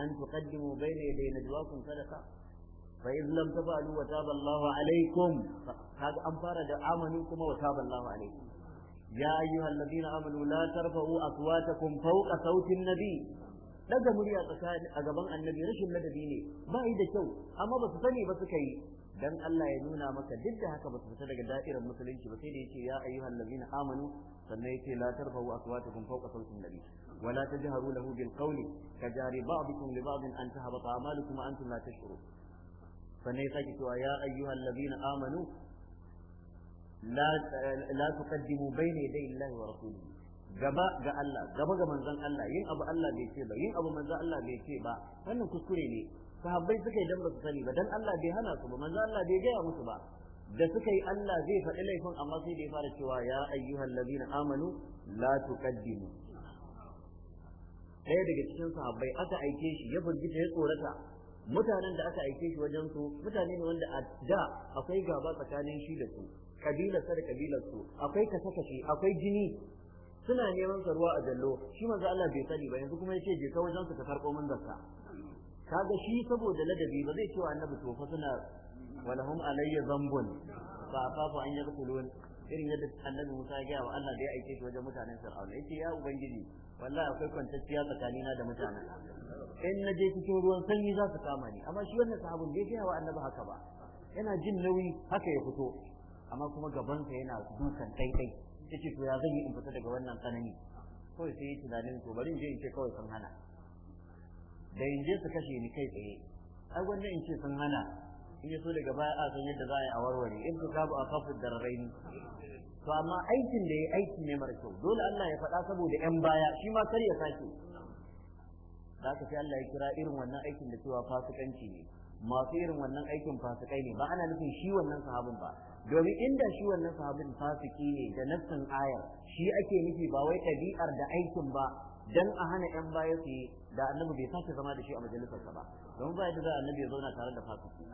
an tuqaddimu bayna yaday najwaakum sadaqa fa idh lam tafalu wa taba Allahu alaykum kaga an fara da Amani kuma wa taba Allahu alaykum ya ayyuhal ladina amanu la tarfa'u aswatakum fawqa sawti an-nabi daga murya tsakani a gaban annabi rashin ladabi ne ba yi da kyau amma ba su sani ba suka yi dan Allah ya nuna maka duk da haka ba su fita daga da'irar musulunci ba sai da yace ya ayyuhal ladina amanu sannan yace la tarfa'u aswatakum fawqa sawti nabi wa la tajharu lahu bil qawli kajari ba'dukum li ba'din an tahabata amalukum wa antum la tashkurun sannan yake cewa ya ayyuhal ladina amanu la la tuqaddimu bayna yaday Allahi wa rasulihi gaba ga Allah gaba ga manzon Allah yin abu Allah bai ce ba yin abu manzon Allah bai ce ba wannan kuskure ne sahabbai suka yi dan su sani ba dan Allah bai hana su ba manzo Allah bai gaya musu ba da suka yi Allah zai faɗi laifin amma sai da ya fara cewa ya ayyuhal ladina amanu la tuqaddimu ɗaya daga cikin sahabbai aka aike shi ya burgita ya tsorata mutanen da aka aike shi wajen su mutane ne wanda da akwai gaba tsakanin shi da su kabilarsa da kabilar su akwai kasakashi akwai jini suna neman sa ruwa a jallo shi manzo Allah bai sani ba yanzu kuma yace je ka wajen su ka farko mun zakka kaga shi saboda ladabi ba zai cewa annabi to fa suna walahum alayya zambun fa fa an yaqulun irin yadda annabi Musa ya wa Allah da ya aike shi wajen mutanen Fir'auna yace ya ubangiji wallahi akwai kwantacciya tsakanina da mutane. in na je cikin ruwan sanyi za su kama ni amma shi wannan sahabin bai gaya wa annabi haka ba yana jin nauyi haka ya fito amma kuma sa yana dukan daidai yace to ya zan yi in fita daga wannan tsanani kawai sai ya tunanin to bari in je in ce kawai sun hana da in je su kashe ni kai tsaye ai wannan in ce sun hana in ya so daga baya a san yadda za a yi a warware in su kabu a kafin darraini to amma aikin da ya aiki ne mara kyau dole Allah ya faɗa saboda yan baya shi ma kar ya sake da aka sai Allah ya kira irin wannan aikin da cewa fasikanci ne masu irin wannan aikin fasikai ne ba ana nufin shi wannan sahabin ba domin inda shi wannan sahabin fasiki ne da nassin ayar shi ake nufi ba wai ɗabi'ar da aikin ba dan a hana yan baya su yi da annabi bai sake zama da shi a majalisarsa ba don ba yadda za annabi ya zauna tare da fasiki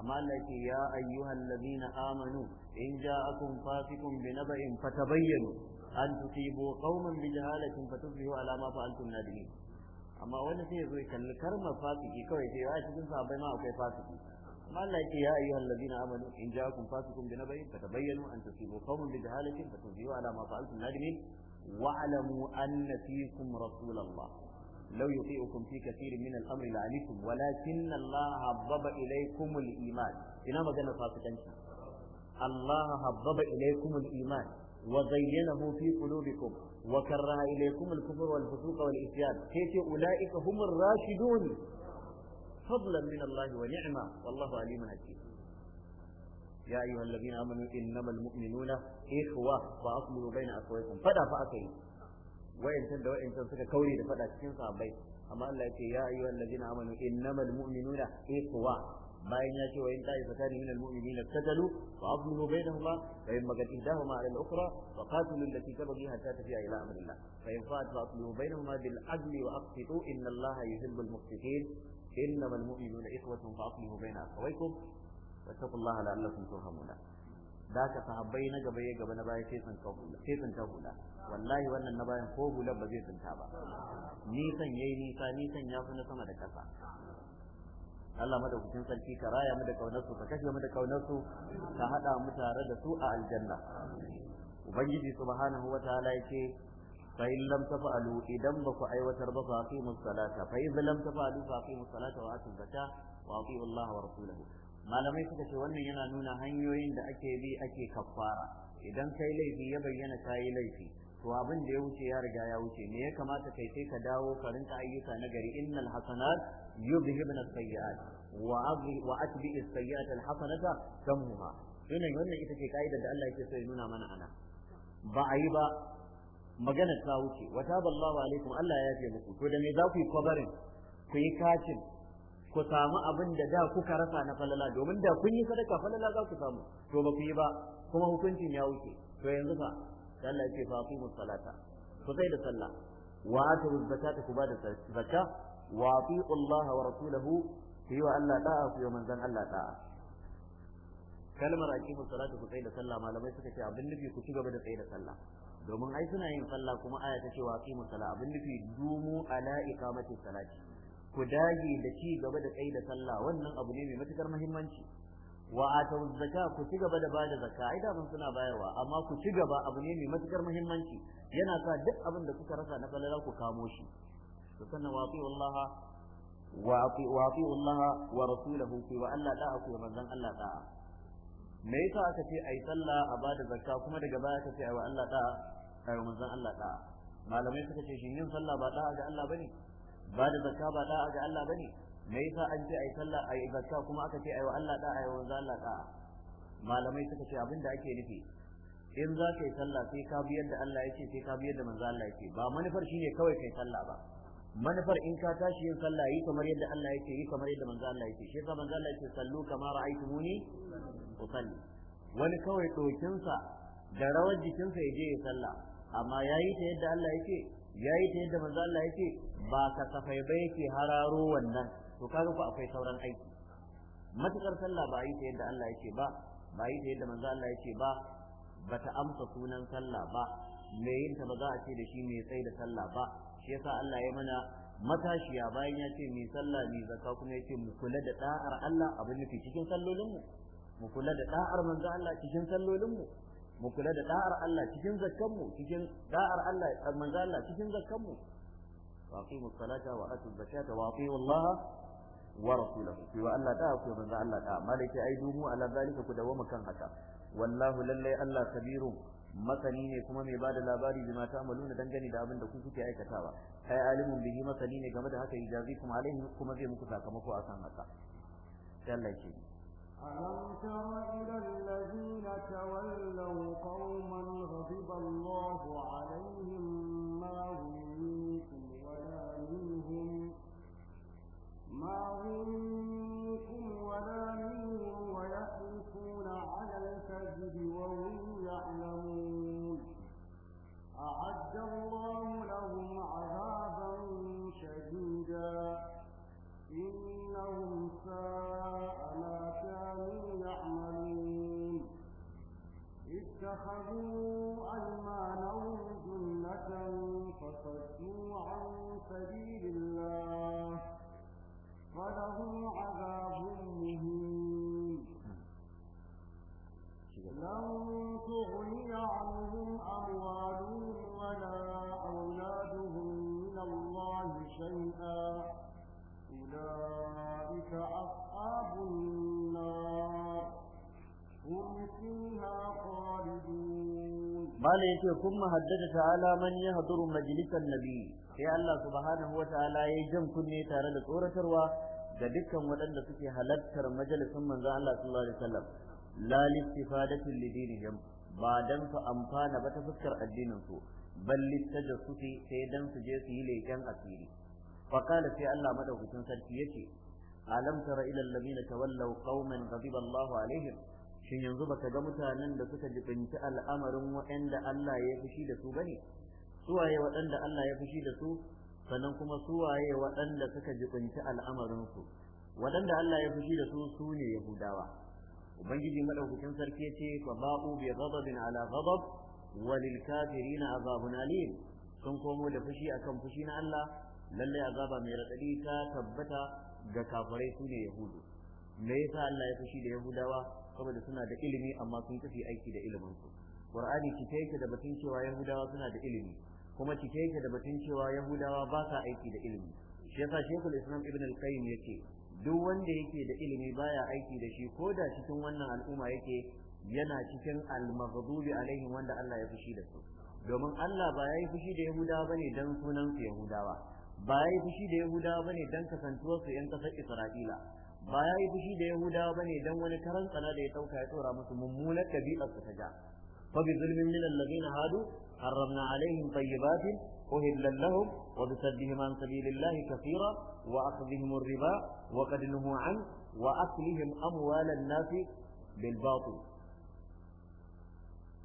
amma Allah yake ya ayyuhan ladina amanu in ja'akum fasiqun binaba'in fatabayyanu an tusibu qauman bijahalatin fatusbihu ala ma fa'altum nadimin amma wani sai zo ya kalli fasiki kawai sai ya cikin sahabbai ma akwai fasiki amma Allah yake ya ayyuhan ladina amanu in ja'akum fasiqun binaba'in fatabayyanu an tusibu qauman bijahalatin fatusbihu ala ma fa'altum nadimin واعلموا أن فيكم رسول الله لو يطيعكم في كثير من الأمر لعنتم ولكن الله حبب إليكم الإيمان إنا ما قلنا فاسقنشي الله حبب إليكم الإيمان وزينه في قلوبكم وكره إليكم الكفر والفسوق والإسيان كيف أولئك هم الراشدون فضلا من الله ونعمة والله عليم حكيم يا أيها الذين آمنوا إنما المؤمنون إخوة فأصلوا بين أخويكم فدا فأكي وإن تند وإن تنسك كوري فدا تكين صحابي أما الله يقول يا أيها الذين آمنوا إنما المؤمنون إخوة bayan ya ce wa in ta'ifa tani min almu'minin iktatalu fa adlu bainahuma fa in magad ihdahuma ala al-ukhra fa qatilu allati tabghi hatta tafi'a ila amrillah fa in fa'at fa adlu bainahuma bil adli wa aqsitu inna allaha yuhibbu al-muqsitin innama al-mu'minuna ikhwatun fa aslihu baina akhawaykum واتقوا الله لعلكم ترحمون ذاك صحابي نجا بي gaba ya gaba na baya sai tsinka hula sai tsinka hula wallahi wannan na bayan ko hula ba zai tsinka ba nisan yayi nisa nisan ya fi na sama da kasa Allah madaukakin sarki ka raya mu da kaunar su ka kashe mu da kaunar su ka hada mu tare da su a aljanna ubangiji subhanahu wataala yake fa in lam taf'alu idan ba ku aiwatar ba fa aqimus salata fa in lam taf'alu fa aqimus salata wa atuz zakata wa ati'u Allah wa rasulahu malamai suka ce wannan yana nuna hanyoyin da ake bi ake kaffara idan kai laifi ya bayyana ka yi laifi to abin da ya wuce ya riga ya wuce me ya kamata kai sai ka dawo ka rinka ayyuka na gari innal hasanat yudhibna as-sayyi'at wa wa atbi as-sayyi'at al-hasanata tammuha wannan wannan ita ce kaida da Allah yake so ya nuna mana ana ba a yi ba magana ta wuce wa taballahu alaikum Allah ya yafe muku to da me za ku yi kwabarin ku yi kacin ku samu abin da da kuka rasa na falala domin da kun yi sadaka falala za ku samu to ba ku yi ba kuma hukuncin ya wuce to yanzu fa Allah ya ce fa aqimu salata ku sai da sallah wa atu zakata ku ba da zakka wa atiu Allah wa rasulahu ku wa Allah da'a ku yi manzon Allah da'a kalmar aqimu salata ku sai da sallah malamai suka ce abin nufi ku ci gaba da tsaye da sallah domin ai suna yin sallah kuma aya ta ce wa aqimu salata abin nufi dumu ala iqamati salati ku dage da ci gaba da tsayi da sallah wannan abu ne mai matukar muhimmanci wa atau zakka ku ci gaba da ba da zakka ai da suna bayarwa amma ku ci gaba abu ne mai matukar muhimmanci yana sa duk abin da kuka rasa na balala ku kamo shi to sannan wa Allah wa Allah wa rasulahu ku wa Allah da ku manzon Allah da me yasa aka ce ai sallah a bada zakka kuma daga baya aka ce ai wa Allah da ai manzon Allah da'a malamai suka ce shin yin sallah ba da ga Allah bane ba da zakka ba da'a ga Allah bane me yasa an ce ai sallah ai zakka kuma aka ce ai wa Allah da'a ai wa Allah da'a malamai suka ce abinda ake nufi in za ka yi sallah sai ka biyar da Allah yake sai ka biyar da manzo Allah yake ba manufar shine kawai kai sallah ba manufar in ka tashi yin sallah yi kamar yadda Allah yake yi kamar yadda manzo Allah yake shi yasa manzo Allah yake sallu kama ra'aytumuni usalli wani kawai sa da rawar jikinsa ya je ya sallah amma yayi ta yadda Allah yake yayi ta yadda manzo Allah yake ba kasafai ba yake hararo wannan to ga ku akwai sauran aiki matukar sallah ba yi ta yadda Allah yake ba ba yi ta yadda manzo Allah yake ba ba ta amsa sunan sallah ba me yin ta ba za a ce da shi me tsayi da sallah ba shi yasa Allah ya mana matashiya bayan ya ce me sallah mai zakka kuma ya ce mu kula da da'ar Allah abin nufi cikin sallolinmu mu kula da da'ar manzo Allah cikin sallolinmu mu mu kula da da'ar Allah cikin zakkan mu cikin da'ar Allah manzo Allah cikin zakkan mu wa aqimu salata wa atu zakata wa aqimu Allah wa rasulahu fi wa Allah da'a ku manzo Allah da'a malaki ai dumu ala zalika ku dawo kan haka wallahu lallai Allah kabirun masani ne kuma mai bada labari bima ta'maluna dangane da abin da ku kuke aikatawa kai alimun bihi masani ne game da haka ijazi kuma alaihi kuma zai muku sakamako akan haka Allah ألم تر إلى الذين تولوا قوما غضب الله عليهم ما هم منكم ولا منهم ما هم منكم ولا منهم ويحلفون على الكذب وهم يعلمون أعد الله لهم عذابا شديدا إنهم ساء ما كانوا يعملون اتخذوا أيمانهم جنة فصدوا عن سبيل الله فلهم عذاب مهين لن تغني عنهم أموالهم ولا أولادهم من الله شيئا أولئك أصحاب النار هم فيها خالدون بل ثم هدد تعالى من يهدر sai Allah subhanahu wa ta'ala ya jan kunne tare da tsoratarwa ga dukkan waɗanda suke halartar majalisin manzon Allah sallallahu alaihi wasallam la listifadatin lidinihim ba dan su amfana ba ta fuskar addinin su da litajassusi sai dan su je su yi leƙen asiri فقال في الله مدوكتن سركي يتي alam tara ila alladhina tawallaw qauman ghadiba Allahu alaihim shin yanzu baka ga mutanen da suka jibinci al'amarin waɗanda Allah ya fushi da su bane suwaye waɗanda Allah ya fushi da su sannan kuma suwaye waɗanda suka jibinci al'amarin su waɗanda Allah ya fushi da su su ne yahudawa ubangiji madaukakin sarki yace fa ba'u bi ghadabin sun komo da fushi akan fushi na Allah lallai azaba mai raɗaɗi ta tabbata ga kafirai su ne yahudu me yasa Allah ya fushi da yahudawa saboda suna da ilimi amma sun kafi aiki da ilimin su qur'ani kike yake da batun cewa yahudawa suna da ilimi kuma kike yake da batun cewa yahudawa ba sa aiki da ilimi shi yasa shekul islam ibn al-qayyim yace duk wanda yake da ilimi baya aiki da shi ko da cikin wannan al'umma yake yana cikin al-maghdubi alaihim wanda Allah ya fushi da su domin Allah ba ya yi fushi da yahudawa bane dan sunan su yahudawa ba ya yi fushi da yahudawa bane dan kasantuwar su yan ƙasar isra'ila ba ya yi fushi da yahudawa ne dan wani karan tsana da ya sauka ya tsora musu mummunar ɗabi'ar su ta ja fa bi zulmin min allazina hadu harramna alaihim tayyibatin uhillat lahum wa bi saddihim an sabilillahi kathira wa akhdhihim ar-riba wa qad nuhu an wa aklihim amwalan nasi bil batil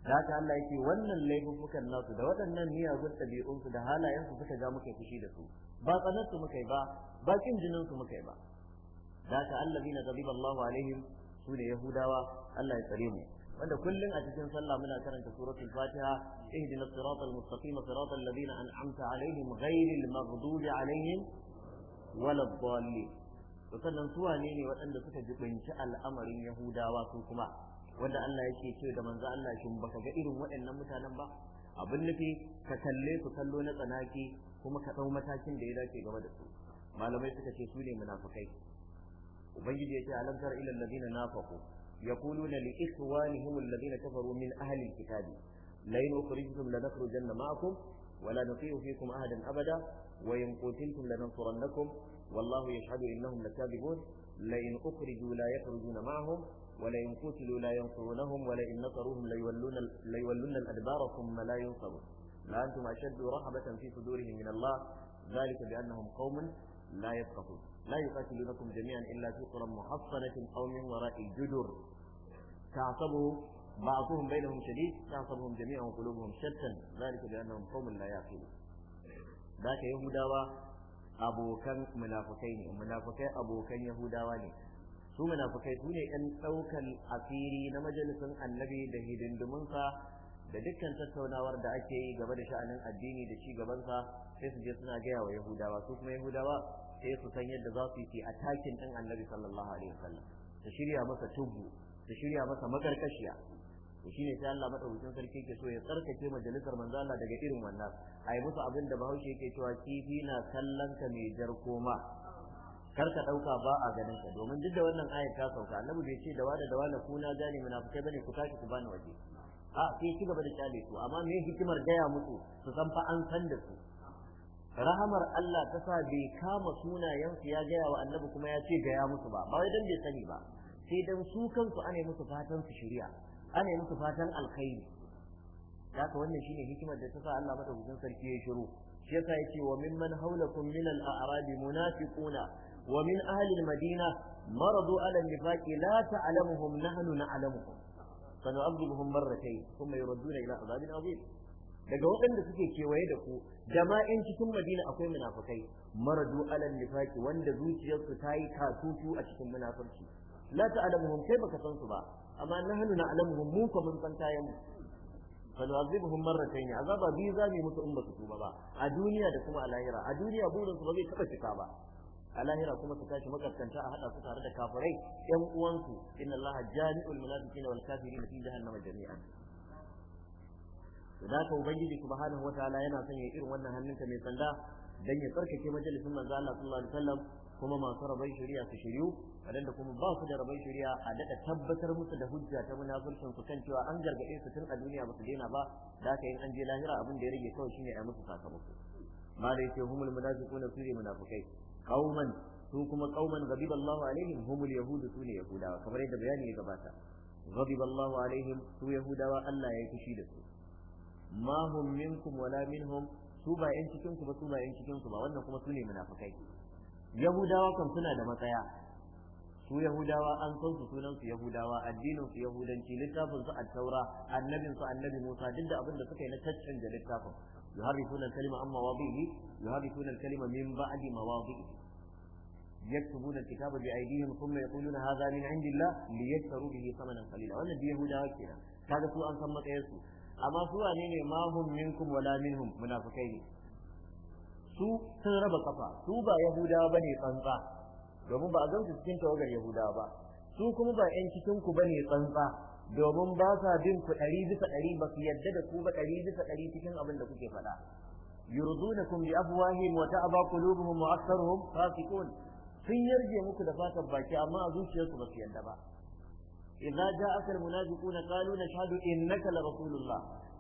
da haka Allah yake wannan laifukan nasu da waɗannan miyagun ɗabi'unsu da halayensu suka ga muke fushi da su ba tsanar su muka yi ba ba kin jinin su muka yi ba da ka allazina ghadiba Allahu alaihim su ne yahudawa Allah ya tsare mu wanda kullun a cikin sallah muna karanta suratul fatiha ihdinas siratal mustaqim siratal ladina an'amta alaihim ghairil maghdubi alaihim waladdallin to sannan su wane ne waɗanda suka jibinci al'amarin yahudawa su kuma wanda Allah yake ce da manzo Allah shin baka ga irin waɗannan mutanen ba abin nufi ka kalle su kallo na tsanaki kuma ka ɗau matakin da ya dace game da su malamai suka ce su ne munafukai ubangiji ya ce alam tara ila allazina nafaqu yaquluna li ikhwanihim allazina kafaru min ahli alkitabi la ukhrijtum lanakhrujanna ma'akum wa la nuti'u fikum ahadan abada wa in qutiltum lanansurannakum wallahu yashhadu innahum lakadibun la in ukhriju la yakhrujuna ma'ahum wa la in qutilu la yansurunahum wa la in adbara thumma la لأنتم أشد رهبة في صدورهم من الله ذلك بأنهم قوم لا يفقهون لا يقاتلونكم جميعا إلا في قرى محصنة قوم وراء الجدر تعصبه بعضهم بينهم شديد تعصبهم جميعا وقلوبهم شتى ذلك بأنهم قوم لا يعقلون ذاك يوم داوى abokan munafukai ne munafukai abokan yahudawa ne su munafukai su ne ɗan ɗaukan asiri na majalisin annabi da hidindimunsa da dukkan tattaunawar da ake yi game da sha'anin addini da ci gabansa sai su je suna gaya wa yahudawa su kuma yahudawa sai su san yadda za su yi a takin ɗin annabi sallallahu alaihi wasallam su shirya masa tubu su shirya masa makarkashiya to shine sai Allah madaukakin sarki ke so ya tsarkake majalisar manzo Allah daga irin wannan ai musu abin da Bahaushe yake cewa kifi na kallon ka mai jar koma kar ka dauka ba a ganin ka domin duk da wannan ayat ta sauka annabi bai ce da wada da wala kuna gane munafikai bane ku tashi ku bani waje a sai ci gaba da kyale su amma me hikimar gaya musu su san fa an san da su rahamar Allah ta sa bai kama sunayensu ya gaya wa annabi kuma ya ce gaya musu ba ba wai dan bai sani ba sai dan su kansu ana musu fatan su shirya ana musu fatan alkhairi haka wannan shine hikimar da ta sa Allah madaukakin sarki ya shiru shi yasa yace wa mimman haulakum min al-a'rabi munafiquna wa min ahli al-madina maradu ala lata nifaqi la ta'lamuhum nahnu na'lamuhum فنعذبهم مرتين ثم يردون إلى عذاب عظيم daga waɗanda suke kewaye da ku jama'in in cikin madina akwai munafukai maradu alal nifaqi wanda zuciyarsu ta yi kasutu a cikin munafurci la ta'lamuhum kai baka san su ba amma nahnu na'lamuhum mu ko mun san tayamu فنعذبهم مرتين عذاب بيزا من متأمة توبة a duniya da kuma a lahira a duniya burin su ba zai taɓa cika ba a lahira kuma su tashi makaskanta a hada su tare da kafirai yan uwansu inna allaha jami'ul munafiqina wal kafirin fi jahannama jami'an da ka ubangiji subhanahu ta'ala yana son ya irin wannan hannunka mai sanda dan ya tsarkake majalisin manzo Allah sallallahu alaihi wasallam kuma masu rabai shari'a su shiryu wadanda kuma ba su da rabai shari'a a daɗa tabbatar musu da hujja ta munafurcin su kan cewa an gargade su tun a duniya ba su daina ba da haka in an je lahira abin da ya rage kawai shine a musu sakamako ma da yake humul munafiquna sune munafukai. qauman su kuma qauman ghadiballahu alaihim humul yahudu sune yahudawa kamar yadda bayani ya gabata ghadiballahu alaihim su yahudawa Allah ya kishi da su ma hum minkum wala minhum su ba yan cikin ku ba su ba yan cikin ku ba wannan kuma su ne munafikai yahudawa kan suna da matsaya su yahudawa an san su sunan su yahudawa addinin su yahudanci littafin su at-taura annabin su annabi Musa duk da abin da suka yi na taccan da littafin يحرفون الكلمة عن مواضعه يحرفون الكلمة من بعد مواضعه يكتبون الكتاب بأيديهم ثم يقولون هذا من عند الله ليشتروا به ثمنا قليلا وأنا دي يهودا كده كذا سوء أن سمت يسوع أما سوء أنني ما هم منكم ولا منهم منافقين su sun raba kafa su ba yahudawa bane tsantsa domin ba a zauce cikin tawagar yahudawa ba su kuma ba yan cikin ku bane tsantsa domin ba sa bin ku ɗari bisa ɗari ba su yadda da ku ba ɗari bisa ɗari cikin abin da kuke faɗa yurdunakum bi afwahihim wa ta'aba qulubuhum wa aktharuhum fasiqun sun yarje muku da fatan baki amma a zuciyarsu ba su yadda ba idza ja'aka almunafiquna qalu nashhadu innaka la rasulullah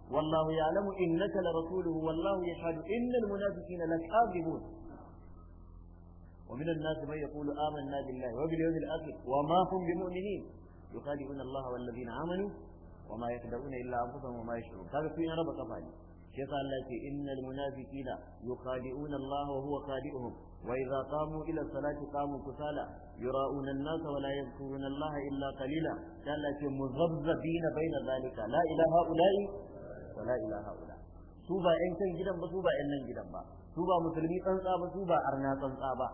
wallahu ya'lamu innaka la rasuluhu wallahu yashhadu innal munafiqina lakazibun ومن الناس من يقول آمنا بالله وباليوم الآخر وما هم بمؤمنين yukhalifuna Allah wal ladina amanu wa ma yakhda'una illa anfusahum wa ma yashurun kaga sun raba kafa ne shi yasa Allah ce innal munafiqina yukhadi'una Allah wa huwa khadi'uhum wa idza qamu ila salati qamu kusala yura'una an-nas wa la yadhkuruna Allah illa qalila Allah ce su ba yan can gidan ba su ba yan nan gidan ba su ba musulmi tsantsa ba su ba arna tsantsa ba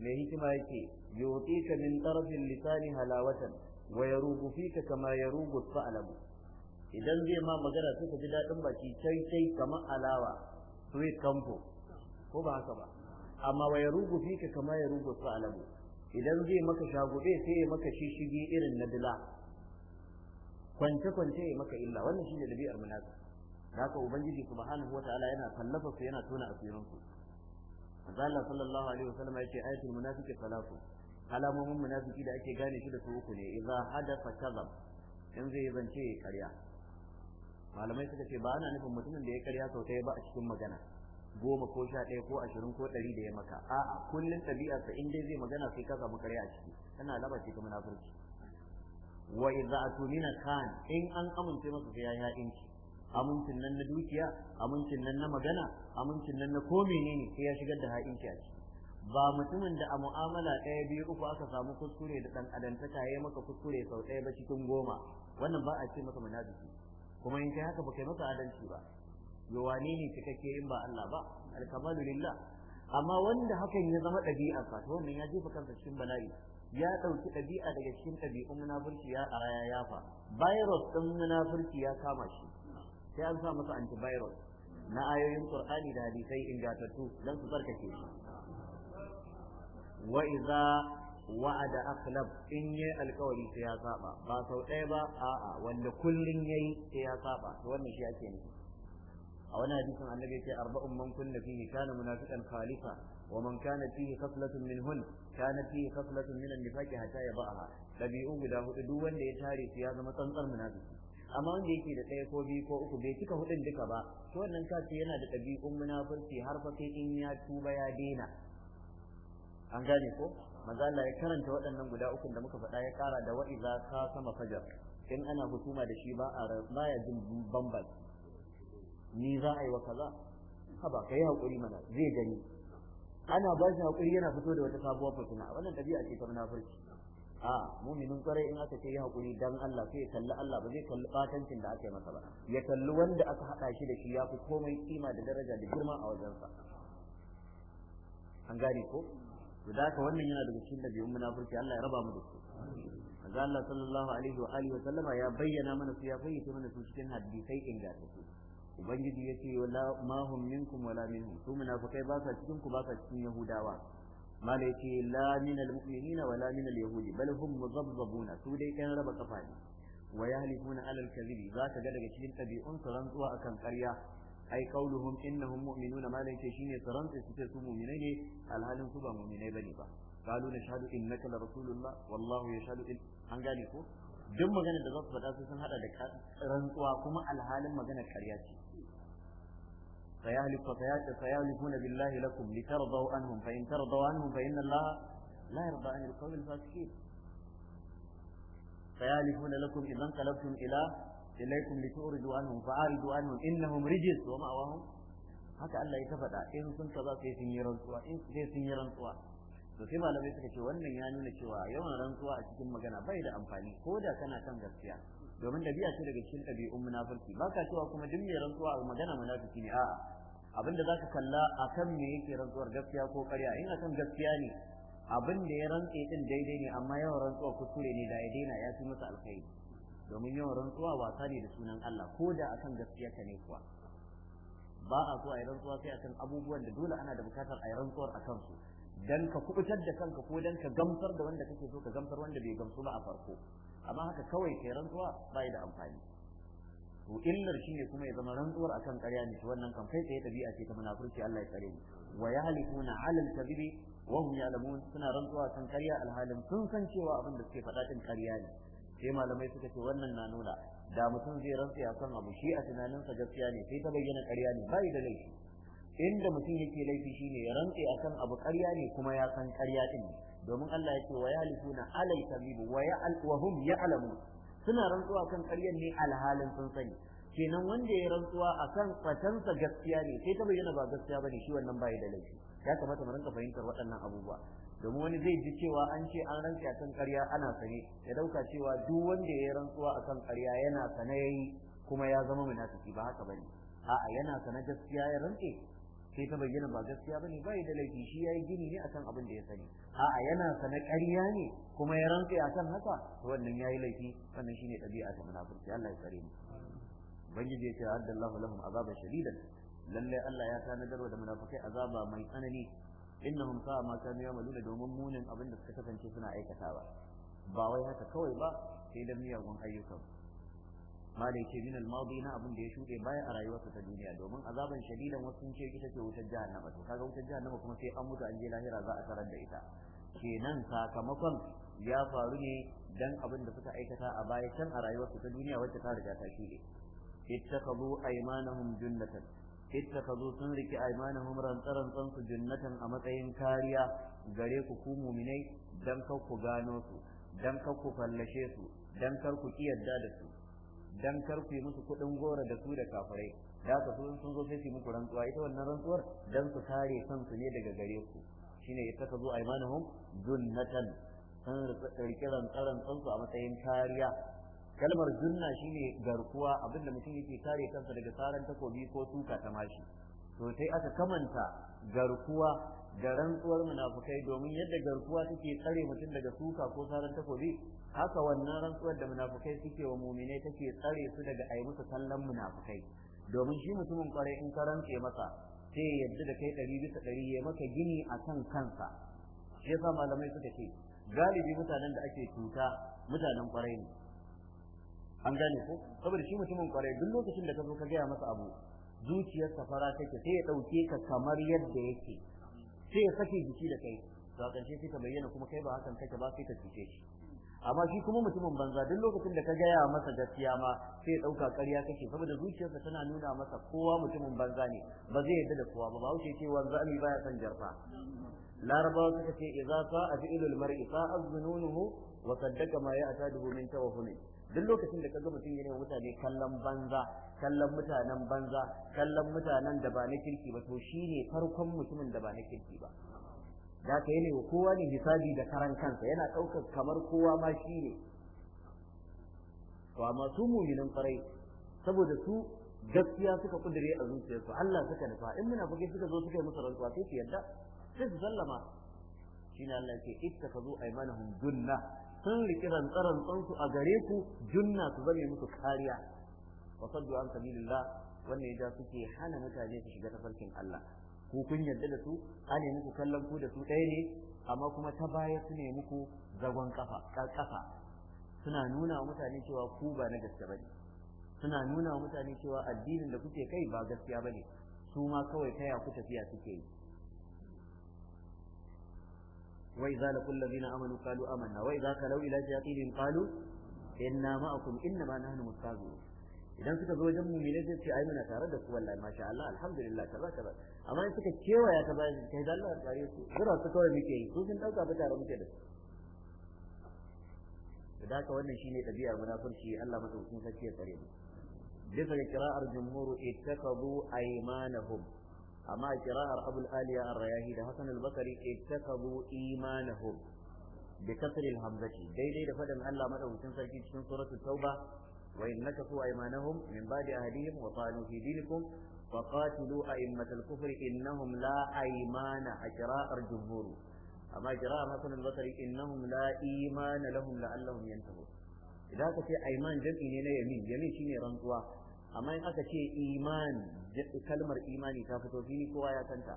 me hikima yake يعطيك من طرف اللسان هلاوة ويروج فيك كما يروج الثعلب idan zai ma magana sai ka ji daɗin baki sai sai kamar alawa sweet kamfo ko ba haka ba amma wa ya rugu fika kama ya rugu alabu idan zai maka shagube sai ya maka shishigi irin na dila kwance kwance ya maka illa wannan shi shine dabi'ar munafi haka ubangiji subhanahu wataala yana kallafa su yana tona asirin su manzo sallallahu alaihi wa sallam, wasallam yace ayatul munafiqi salatu alamomin munafiki da ake gane shi da su uku ne idza hadafa kadhab in zai zance ƙarya malamai suka ce ba ana nufin mutumin da ya ƙarya sau ɗaya ba a cikin magana goma ko sha ɗaya ko ashirin ko ɗari da ya maka a'a kullum ɗabi'arsa in dai zai magana sai ka samu ƙarya a ciki tana laba ce ta munafurci wa idza atumina kan in an amince masa sai ya yi haɗinci amincin nan na dukiya amincin nan na magana amincin nan na ko menene sai ya shigar da ha'inci a ciki ba mutumin da a mu'amala ɗaya biyu uku aka samu kuskure da ɗan adantaka ya maka kuskure sau ɗaya ba cikin goma wannan ba a ce masa munafiki kuma in kai haka ba kai masa adalci ba yo ne cikakke in ba Allah ba alkamalu lillah amma wanda hakan ya zama ɗabi'a fa to wannan ya jefa kansa cikin bala'i ya ɗauki ɗabi'a daga cikin ɗabi'un munafurci ya a raya ya fa virus ɗin munafurci ya kama shi sai an sa masa antivirus na ayoyin qur'ani da hadisai ingantattu dan su tsarkake shi wa idza wa'ada akhlab in yayi alkawari sai ya saba ba sau ɗaya ba a'a wanda kullun yayi sai ya saba to wannan shi ake nufi a wannan hadisin annabi yace arba'un man kunna fihi kana munafiqan khalifa wa man kana fihi khaflatun minhun kana fihi khaflatun min an-nifaqi hatta yabaha dabi'u guda hudu duk wanda ya tare su ya zama tsantsar munafiki amma wanda yake da ɗaya ko biyu ko uku bai cika hudun duka ba to wannan kace yana da ɗabi'un munafurci har fa sai in ya tuba ya daina an gane ko maza Allah ya karanta waɗannan guda ukun da muka faɗa ya ƙara da wa'iza ka sama fajar in ana hukuma da shi ba a ba ya jin bambal ni za a yi wa kaza haba kai hakuri mana zai gani ana ba shi hakuri yana fito da wata sabuwar fitina wannan ɗabi'a ce ta munafurci a muminin kwarai in aka ce ya hakuri dan Allah sai ya kalli Allah ba zai kalli batancin da aka yi masa ba ya kalli wanda aka haɗa shi da shi ya fi komai kima da daraja da girma a wajensa an gane ko Guda da haka wannan yana daga cikin dabi'un munafurci Allah ya raba mu da su manzo Allah sallallahu alaihi wa alihi wa sallama ya bayyana mana su ya bayyana mana su cikin hadisai su. ubangiji ya ce wala ma hum minkum wala minhum su munafikai ba sa cikin ku ba sa cikin yahudawa mala yace la min almu'minina wala min alyahudi bal hum su dai kan raba kafa ne wa yahlifuna ala alkadhibi za ka ga daga cikin tabi'un su rantsuwa akan ƙarya ai qauluhum innahum mu'minuna ma lake shine saran su ce su mu'minai ne alhalin su ba mu'minai bane ba qalu nashhadu innaka la rasulullah wallahu yashhadu in an gane ko duk maganar da za su faɗa sun hada da rantsuwa kuma alhalin maganar ƙarya ce فيهلك فيهلكون بالله لكم لترضوا عنهم فإن ترضوا عنهم فإن الله لا يرضى عن القوم الفاسقين فيهلكون lakum idan انقلبتم ila. ilaikum litu'ridu anhum fa'aridu anhum innahum rijis wa ma'awahum haka Allah ya faɗa in sun kaza sai sun yi rantsuwa in sai sun yi rantsuwa to sai malamai suka ce wannan ya nuna cewa yawan rantsuwa a cikin magana bai da amfani ko da kana kan gaskiya domin dabi'a ce daga cikin ɗabi'un munafurci ba ka cewa kuma duk mai rantsuwa a magana munafiki ne a'a abinda za ka kalla akan me yake rantsuwar gaskiya ko ƙarya in akan gaskiya ne abin da ya rantse din daidai ne amma yawan rantsuwa kuskure ne da ya daina ya fi masa alkhairi domin yawan rantsuwa wasa ne da sunan Allah ko da akan gaskiya ka ne kuwa ba a so a yi rantsuwa sai akan abubuwan da dole ana da bukatar a yi rantsuwar a kansu dan ka kubutar da kanka ko dan ka gamsar da wanda kake so ka gamsar wanda bai gamsu ba a farko amma haka kawai kai rantsuwa ba da amfani to illar shine kuma ya zama rantsuwar akan ƙarya ne to wannan kan kai tsaye tabi'a ce ta munafurci Allah ya tsare mu wa yahlikuna 'ala al-kadhibi wa hum ya'lamun suna rantsuwa kan ƙarya alhalin sun san cewa abin da suke faɗa din ƙarya ne sai malamai suka ce wannan na nuna da mutum zai rantsa ya san abu shi a tunaninsa gaskiya ne sai ta bayyana ƙarya ne bai da laifi inda mutum yake laifi shine ya rantsa akan abu ƙarya ne kuma ya san ƙarya din domin Allah ya ce wa yahlifuna alai tabibu wa ya'al wa hum ya'lamu suna rantsuwa kan ƙaryan ne alhalin sun sani kenan wanda ya rantsuwa akan fatansa gaskiya ne sai ta bayyana ba gaskiya bane shi wannan bai da laifi ya kamata mu rinka fahimtar waɗannan abubuwa domin wani zai ji cewa an ce an rantsi kan ƙarya ana sane ya dauka cewa duk wanda ya rantsuwa a kan ƙarya yana sane yayi kuma ya zama munafiki ba haka bane a'a yana sane gaskiya ya rantsi sai ta bayyana ba gaskiya bane bai da laifi shi yayi gini ne akan abin da ya sani a'a yana sane ƙarya ne kuma ya rantsi kan haka to wannan yayi laifi wannan shine dabi'a ta munafiki Allah ya kare mu ubangiji ya ce addallahu lahum azaba shadidan lalle Allah ya tanadar da munafikai azaba mai tsanani innahum sa'a ma kanu yamaluna domin munin abin da suka kasance suna aikata ba wai haka kawai ba sai da miyagun ayyukan ma da yake min al-madi na abin da ya shuɗe baya a rayuwarsa ta duniya domin azaban shadidan wasu sun ce ita ce wutar jahannama to kaga wutar jahannama kuma sai an mutu an je lahira za a tarar da ita kenan sakamakon ya faru ne dan abin da suka aikata a baya can a rayuwarsu ta duniya wacce ta riga ta shuɗe ittakhadhu aymanahum junnatan ittakhadhu sun riki aymanahum rantsaran su jannatan a matsayin kariya gare ku ku muminai dan kar ku gano su dan kar ku fallashe su dan kar ku kiyarda da su dan kar ku yi musu kudin gora da su da kafirai da ka sun sun zo sai su muku rantsuwa ita wannan rantsuwar dan su kare kansu ne daga gare ku shine ittakhadhu aymanahum jannatan sun riki rantsaran su a matsayin kariya kalmar junna shine garkuwa abinda mutum yake kare kansa daga saran takobi ko tuka ta mashi to sai aka kamanta garkuwa da rantsuwar munafukai domin yadda garkuwa take tsare mutum daga suka ko saran takobi haka wannan rantsuwar da munafukai suke wa muminai take tsare su daga ai musu kallon munafukai domin shi mutumin kware in ka rantse masa sai yadda da kai ɗari bisa ɗari ya maka gini a kan kansa shi yasa malamai suka ce galibi mutanen da ake cuta mutanen kwarai ne an gane ko saboda shi mutumin kwarai duk lokacin da ka zo ka gaya masa abu zuciyar safara take sai ya dauke ka kamar yadda yake sai ya sake jiki da kai to a ƙarshe sai ka bayyana kuma kai ba hakan kake ba sai ka cuce shi amma shi kuma mutumin banza duk lokacin da ka gaya masa gaskiya ma sai ya ɗauka ƙarya kake saboda zuciyarsa tana nuna masa kowa mutumin banza ne ba zai yarda da kowa ba ba wuce ce wanza ami baya son jarfa larabawa suka ce idza sa'a fi'lul mar'i sa'a dhununuhu wa saddaka ma ya'taduhu min tawahhumi duk lokacin da kaga mutum yana mutane kallon banza kallon mutanen banza kallon mutanen da ba na kirki ba to shine farkon mutumin da ba na kirki ba da ka yi wa kowa ne hisabi da karan kansa yana ɗaukar kamar kowa ma shi ne to amma su muminin farai saboda su gaskiya suka kudure a zuciyarsu Allah suka nufa in muna fage suka zo suka yi musu rantsuwa sai su yarda sai su sallama shine Allah ya ce aymanahum dunna sun riƙi rantsarantsansu a gare ku junna su zame musu kariya wa saddu an sabilillah wannan ya suke hana mutane su shiga tafarkin Allah ku kun yarda da su ane muku kallon ku da su ɗaya ne amma kuma ta baya su ne muku zagon kafa kafa suna nuna wa mutane cewa ku ba na gaske bane suna nuna wa mutane cewa addinin da kuke kai ba gaskiya bane su ma kawai taya ku tafiya suke yi وإذا لقوا الذين آمنوا قالوا آمنا وإذا خلوا إلى شياطينهم قالوا إنا معكم إنما نحن مستهزئون idan suka zo wajen mu ne ce ai muna tare da ku wallahi masha Allah alhamdulillah kaza kaza amma in suka kewaya ta bayan kai da Allah tsare su kira su kawai muke yi su sun dauka ba tare muke da su da haka wannan shine dabi'ar munafurci Allah madaukakin sarki ya tsare mu bisa kira'ar jumhur ittakhadhu aymanahum amma kira'ar abul aliya ar-rayahi da hasan al-basri ittakabu imanahum bi kasri daidai da faɗin Allah madaukakin sarki cikin suratul tauba wa innaka tu aymanahum min ba'di ahdihim wa qalu fi dinikum فقاتلوا أئمة الكفر إنهم لا أيمان أجراء الجمهور أما أجراء حسن البصري إنهم لا إيمان لهم لعلهم ينتهون إذا كنت أيمان جمعي لنا يمين يمين شيني رنطوا amma in aka ce imani kalmar imani ta fito fili kowa ya santa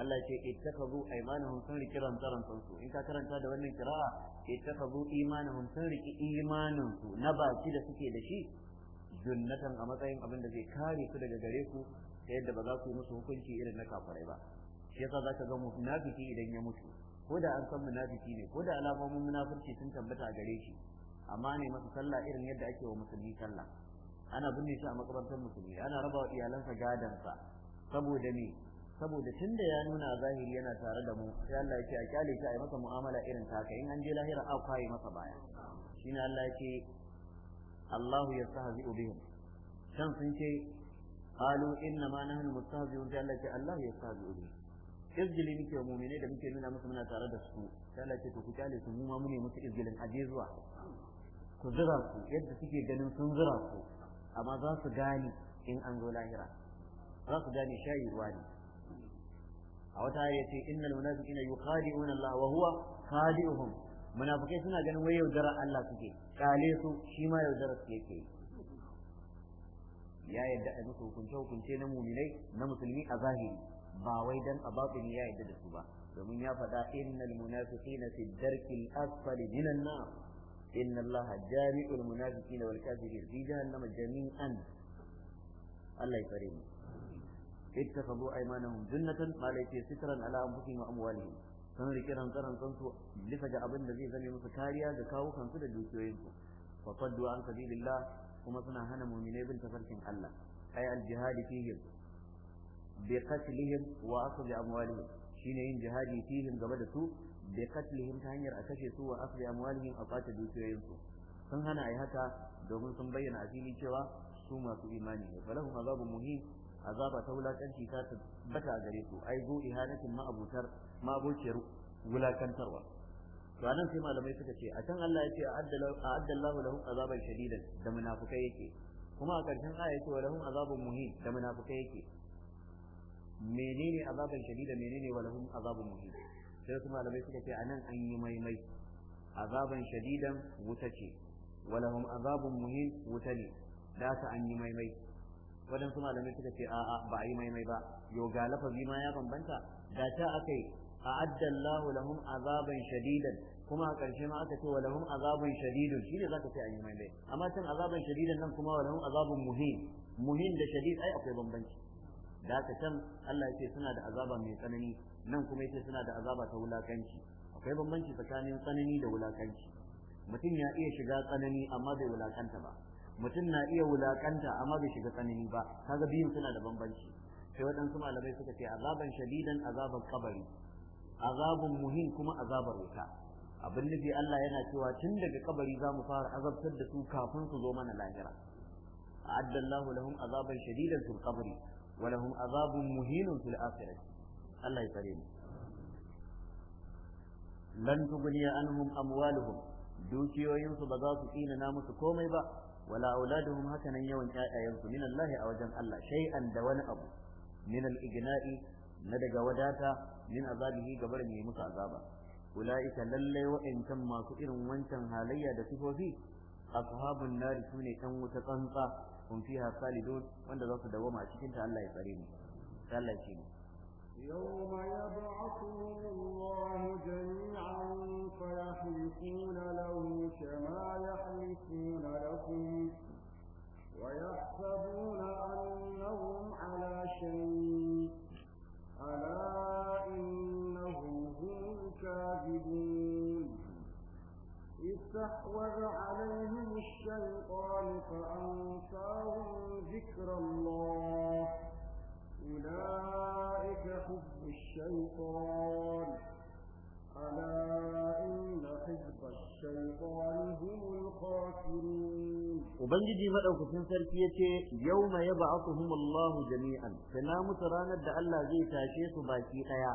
Allah ce ittakhadhu aymanahum sun riki sun su in ka karanta da wannan kira'a ittakhadhu imanahum sun riki imanin su na baki da suke da shi jannatan a matsayin abin da zai kare su daga gare ku ta yadda ba za ku yi musu hukunci irin na kafirai ba shi yasa ka ga munafiki idan ya mutu ko da an san munafiki ne ko da alamomin munafurci sun tabbata a gare shi amma ne masa sallah irin yadda ake wa musulmi sallah ana binne shi a makabartar musulmi ana raba wa iyalansa gadansa saboda me saboda tunda ya nuna zahiri yana tare da mu sai Allah ya ce a kyale shi a yi masa mu'amala irin ta haka in an je lahira a kwaye masa baya shine Allah ya ce Allah ya sahzi bihim can sun ce qalu inna ma nahnu mustahzi'un sai Allah ya ce Allah ya sahzi bihim izgili muke wa mumine da muke nuna musu muna tare da su sai Allah ya ce to ku kyale su mu ma mune musu izgilin aje zuwa ku zira su yadda suke ganin sun zira su amma za su gani in an zo lahira za su gani shayi ruwa ne a wata ya ce innal munafiqina yuqadi'una Allah wa huwa khadi'uhum munafiqai suna ganin wai yaudara Allah suke kale su shi ma yaudara su yake ya yadda a musu hukunce hukunce na muminai na musulmi a zahiri ba wai dan a batini ya yadda da su ba domin ya faɗa innal munafiqina fi darkil asfali minan nar إن الله جامع المنافقين والكافرين في جهنم جميعا الله يكرم اتخذوا أيمانهم جنة ما ليس سترا على أنفسهم وأموالهم sun rike rantsaran kansu bisa ga abin da zai zame musu kariya da kawukansu kansu da dukiyoyinsu fa saddu an sabilillah kuma suna hana mu'minai bin tafarkin Allah ay al jihad fihim bi qatlihim wa shine yin jihadi fihim gaba da su bi qatlihim ta hanyar a kashe su wa akhdhi amwalihim a qata dukiyoyin su sun hana ai haka domin sun bayyana fili cewa su masu imani ne balahum azabun muhim azaba ta wulakanci ta tabbata gare su ai go ihanatin ma'abutar ma'abociyar wulakantarwa anan sai malamai suka ce a can Allah ya ce a addallahu lahum azaban shadidan da munafikai yake kuma a ƙarshen aya yake wa lahum azabun muhim da munafukai yake menene azaban shadida menene walahum azabun muhim sai su malamai suka ce anan an yi maimai azaban shadidan wuta ce walahum azabun muhim wuta ne da ta an yi maimai wadansu malamai suka ce a'a ba a yi maimai ba yo ga lafazi ma ya bambanta da ta akai a'adda Allahu lahum azaban shadidan kuma a ƙarshe ma aka ce wa lahum azabun shadidun shine zaka ce an yi maimai amma can azaban shadidan nan kuma wa lahum azabun muhim muhim da shadid ai akwai bambanci da haka can Allah ya ce suna da azaba mai tsanani nan kuma yake suna da azaba ta wulakanci akwai bambanci tsakanin tsanani da wulakanci mutum ya iya shiga tsanani amma bai wulakanta ba mutum na iya wulakanta amma bai shiga tsanani ba kaga biyun suna da bambanci sai waɗansu malamai suka ce azaban shadidan azaban kabari azabun muhim kuma azabar wuta abin nufi Allah yana cewa tun daga kabari za mu fara azabtar da su kafin su zo mana lahira a'adda lahum azaban shadidan fil qabri ولهم عذاب مهين في الآخرة الله يكرم لن تغني عنهم أموالهم دوشيوين صدقات إن نامس كومي با ولا أولادهم هكذا يوم آيانس من الله أو جن الله شيئا دون أبو من الإجناء ندق وداتا من عذابه قبل أن يمس عذابا أولئك للي وإن تم ما سئر وانتم هاليا دسفوا فيه أصحاب النار سوني كم وتقنطا hum fiha khalidun wanda za su dawoma a cikin ta Allah ya tsare mu Allah ya ce mu يوم يبعثهم الله جميعا فيحلفون له كما يحلفون لكم ويحسبون أنهم على شيء ألا إنهم هم الكاذبون استحوذ عليهم الشيطان فأنساهم ذكر الله أولئك حب الشيطان ألا إن حزب الشيطان هم الخاسرون وبنجي مدعوكسين سركية يوم يبعثهم الله جميعا فنام ترانا دعلا زي تاشيس باكي قيا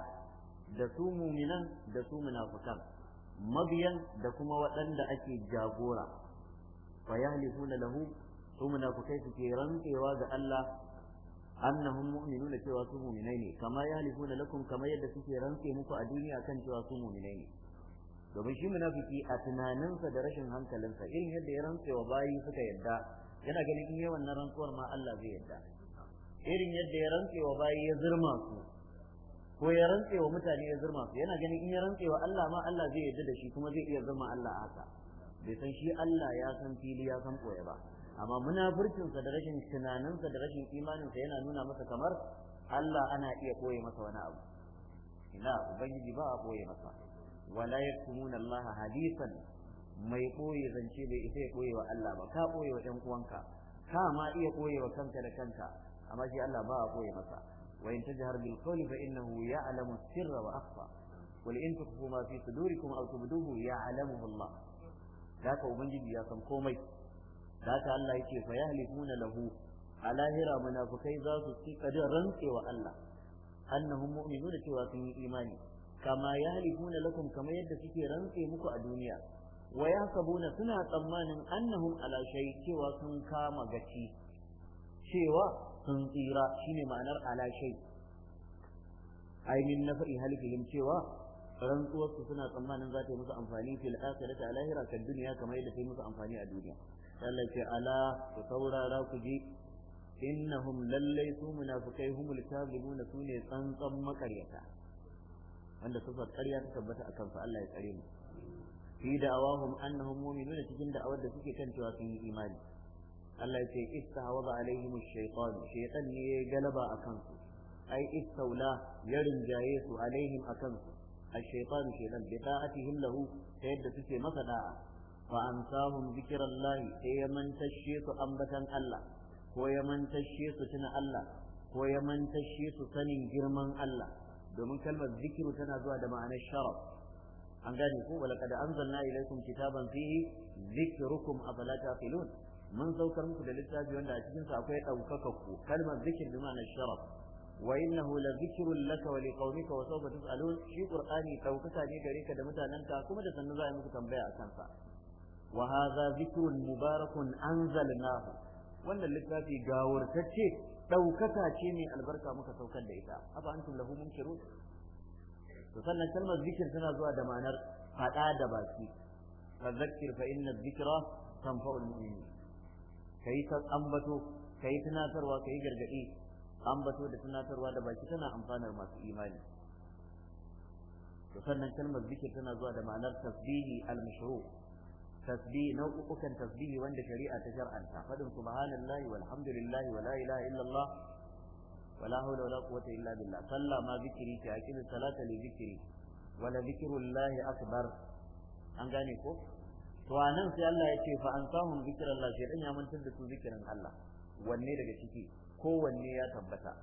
دسوم منا دسوم نافكا mabiyan da kuma waɗanda ake jagora fa yahlifuna lahu su ku kai suke rantsewa ga Allah annahum nuna cewa su mu'minai ne kama yahlifuna lakum kama yadda suke rantse muku a duniya kan cewa su mu'minai ne domin shi munafiki a tunaninsa da rashin hankalinsa irin yadda ya rantsewa bayi suka yadda yana ganin in yawan na rantsuwar ma Allah zai yadda irin yadda ya rantsewa bayi ya zirma su ko ya rantse wa mutane ya zurma su yana ganin in ya rantse wa Allah ma Allah zai yarda da shi kuma zai iya zurma Allah haka bai san shi Allah ya san fili ya san koya ba amma sa da rashin tunaninsa da rashin imanin sa yana nuna masa kamar Allah ana iya koye masa wani abu ina ubangiji ba a koye masa wala yaktumuna Allah hadisan mai koye zance bai isa ya koye wa Allah ba ka koye wa ɗan uwanka ka ma iya koye wa kanka da kanka amma shi Allah ba a koye masa وإن تجهر بالقول فإنه يعلم السر وأخفى ولئن تخفوا ما في صدوركم أو تبدوه يعلمه الله ذاك أبنجي يا سمكومي ذاك الله يكي فيهلكون له على هرى منافقين ذات قد رنسي وألا أنهم مؤمنون سوى في إيمان كما يهلكون لكم كما يد سكي رنسي مكو الدنيا ويحسبون سنة طمان أنهم على شيء سوى سنكام غشي سوى sun tsira shine ma'anar ala shay ainin nafa'i halifihim cewa rantsuwar suna tsammanin za ta yi musu amfani fil akhirati a lahira kan duniya kamar yadda ta yi musu amfani a duniya Allah ce ala ku saurara ku ji innahum lallai su munafikai humul su ne tsantsan makaryata wanda sufar ƙarya ta tabbata a kansu Allah ya tsare mu fi da'awahum annahum mu'minuna cikin da'awar da suke kan cewa sun yi imani Allah ya ce istahwaza alaihim shaytan shaytan ne ya galaba akan su ai istaula ya rinjaye su alaihim akan su ash-shaytan shaytan bi ta'atihim lahu ta yadda suke masa da'a fa ansahum zikirallahi sai ya mantashe su ambatan Allah ko ya mantashe su tuna Allah ko ya mantashe su sanin girman Allah domin kalmar zikiru tana zuwa da ma'anar sharaf an gane ko wala kad anzalna ilaykum kitaban fihi zikrukum afala taqilun mun saukar muku da littafi wanda a cikin sa akwai daukaka ku kalmar zikir bi ma'anar sharaf wa innahu la zikrun laka wa liqaumika wa sawfa tus'alun shi qur'ani daukaka ne gare ka da mutanen ka. kuma da sannu za a yi muku tambaya a kansa wa hadha zikrun mubarakun anzalnahu wannan littafi gawurtacce daukaka ce mai albarka muka saukar da ita afa antum lahu munkirun to sannan kalmar zikir tana zuwa da ma'anar fada da baki fa zakkir fa inna dhikra tanfa'ul mu'minin Ka yi ta ambato ka kai tunatarwa yi gargaɗi, ambato da tunatarwa da baki tana amfanar masu imani to sannan kalmar zikir tana zuwa da ma'anar tasbihi al-mashru tasbihi nau'ukan tasbihi wanda shari'a ta shar'anta fadin subhanallahi walhamdulillahi wala ilaha illallah wala hawla wala quwwata illa billah sallah ma zikiri ta aqimi salata li zikri wala zikrullahi akbar an gane ko to anan sai Allah ya ce fa zikr Allah sai dan ya mantar da su zikirin Allah wanne daga ciki ko wanne ya tabbata